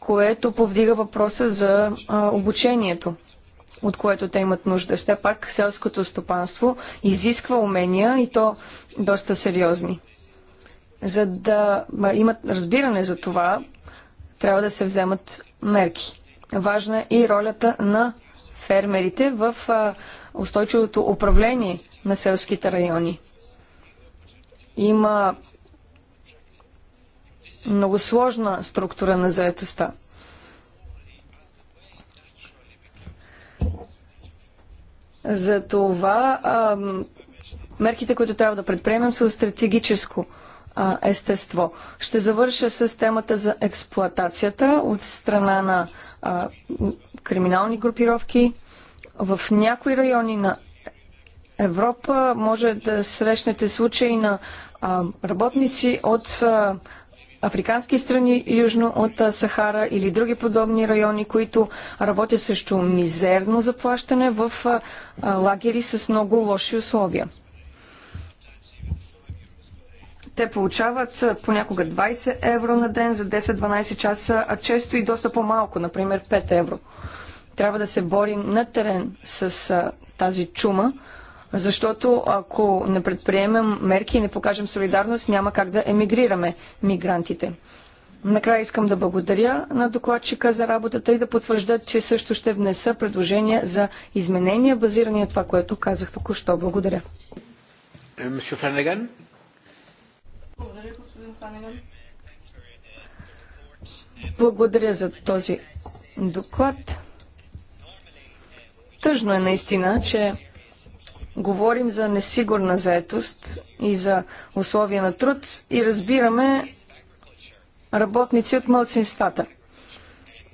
Speaker 3: което повдига въпроса за обучението, от което те имат нужда. Все пак селското стопанство изисква умения и то доста сериозни за да имат разбиране за това, трябва да се вземат мерки. Важна е и ролята на фермерите в устойчивото управление на селските райони. Има много сложна структура на заетостта. За това а, мерките, които трябва да предприемем, са стратегическо а, естество. Ще завърша с темата за експлоатацията от страна на а, криминални групировки. В някои райони на Европа може да срещнете случаи на а, работници от а, африкански страни, южно от Сахара или други подобни райони, които работят срещу мизерно заплащане в лагери с много лоши условия. Те получават понякога 20 евро на ден за 10-12 часа, а често и доста по-малко, например 5 евро. Трябва да се борим на терен с а, тази чума, защото ако не предприемем мерки и не покажем солидарност, няма как да емигрираме мигрантите. Накрая искам да благодаря на докладчика за работата и да потвържда, че също ще внеса предложения за изменения, базирани на това, което казах току-що. Благодаря.
Speaker 1: Е, Мсю благодаря, господин
Speaker 3: Благодаря за този доклад. Тъжно е наистина, че говорим за несигурна заетост и за условия на труд и разбираме работници от мълцинствата.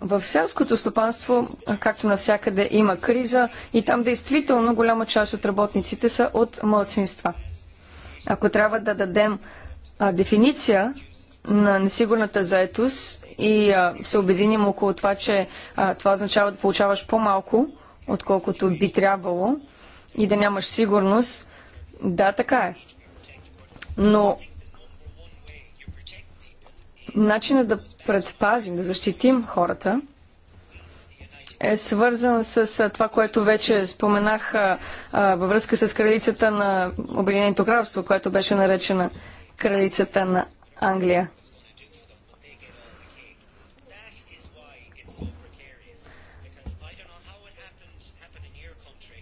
Speaker 3: В селското стопанство, както навсякъде, има криза и там действително голяма част от работниците са от мълцинства. Ако трябва да дадем а, дефиниция на несигурната заетост и а, се обединим около това, че а, това означава да получаваш по-малко, отколкото би трябвало и да нямаш сигурност, да, така е. Но начина да предпазим, да защитим хората е свързан с това, което вече споменах а, във връзка с кралицата на Обединеното кралство, което беше наречена кралицата на Англия.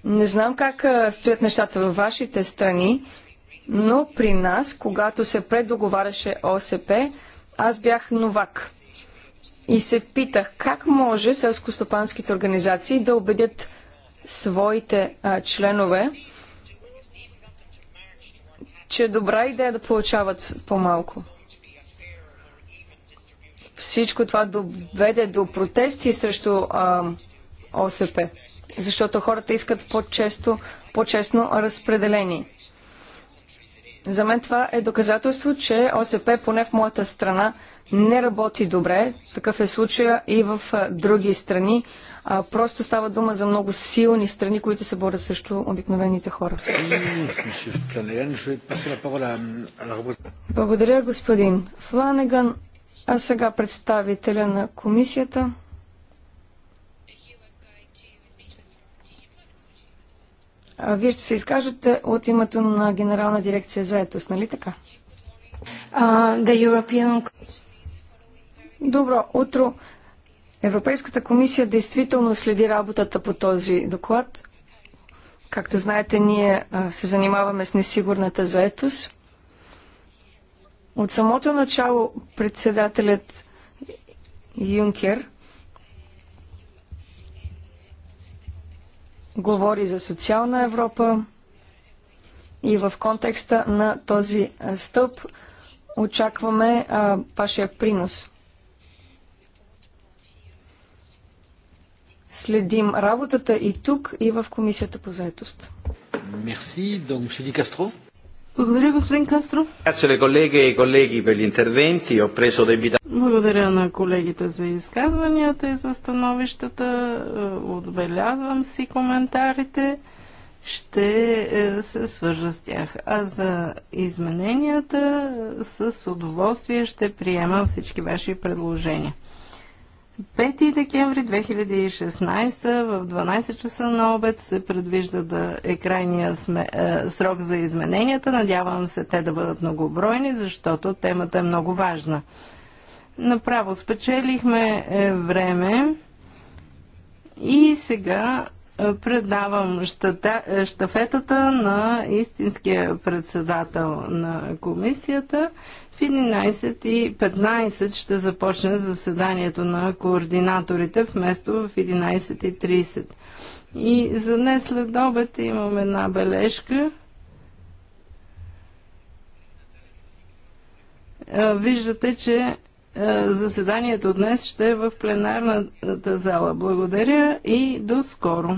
Speaker 3: Не знам как стоят нещата във вашите страни, но при нас, когато се предоговаряше ОСП, аз бях новак. И се питах как може селско организации да убедят своите а, членове, че е добра идея да получават по-малко. Всичко това доведе до протести срещу а, ОСП, защото хората искат по-често, по-честно разпределение. За мен това е доказателство, че ОСП, поне в моята страна, не работи добре. Такъв е случая и в други страни а просто става дума за много силни страни, които се борят срещу обикновените хора. Благодаря, господин Фланеган. А сега представителя на комисията. А вие ще се изкажете от името на Генерална дирекция за етост, нали така? Uh, European... Добро утро. Европейската комисия действително следи работата по този доклад. Както знаете, ние се занимаваме с несигурната заетост. От самото начало председателят Юнкер говори за социална Европа и в контекста на този стълб очакваме а, вашия принос. следим работата и тук, и в Комисията по заетост.
Speaker 2: Мерси, дон Шили Кастро.
Speaker 3: Благодаря, господин Кастро.
Speaker 1: E Благодаря на колегите за изказванията и за становищата. Отбелязвам си коментарите. Ще е, се свържа с тях. А за измененията с удоволствие ще приема всички ваши предложения. 5 декември 2016 в 12 часа на обед се предвижда да е крайния сме, е, срок за измененията. Надявам се те да бъдат многобройни, защото темата е много важна. Направо спечелихме е, време и сега е, предавам щата, е, щафетата на истинския председател на комисията. В 11.15 ще започне заседанието на координаторите вместо в 11.30. И, и за днес след обед имам една бележка. Е, виждате, че е, заседанието днес ще е в пленарната зала. Благодаря и до скоро!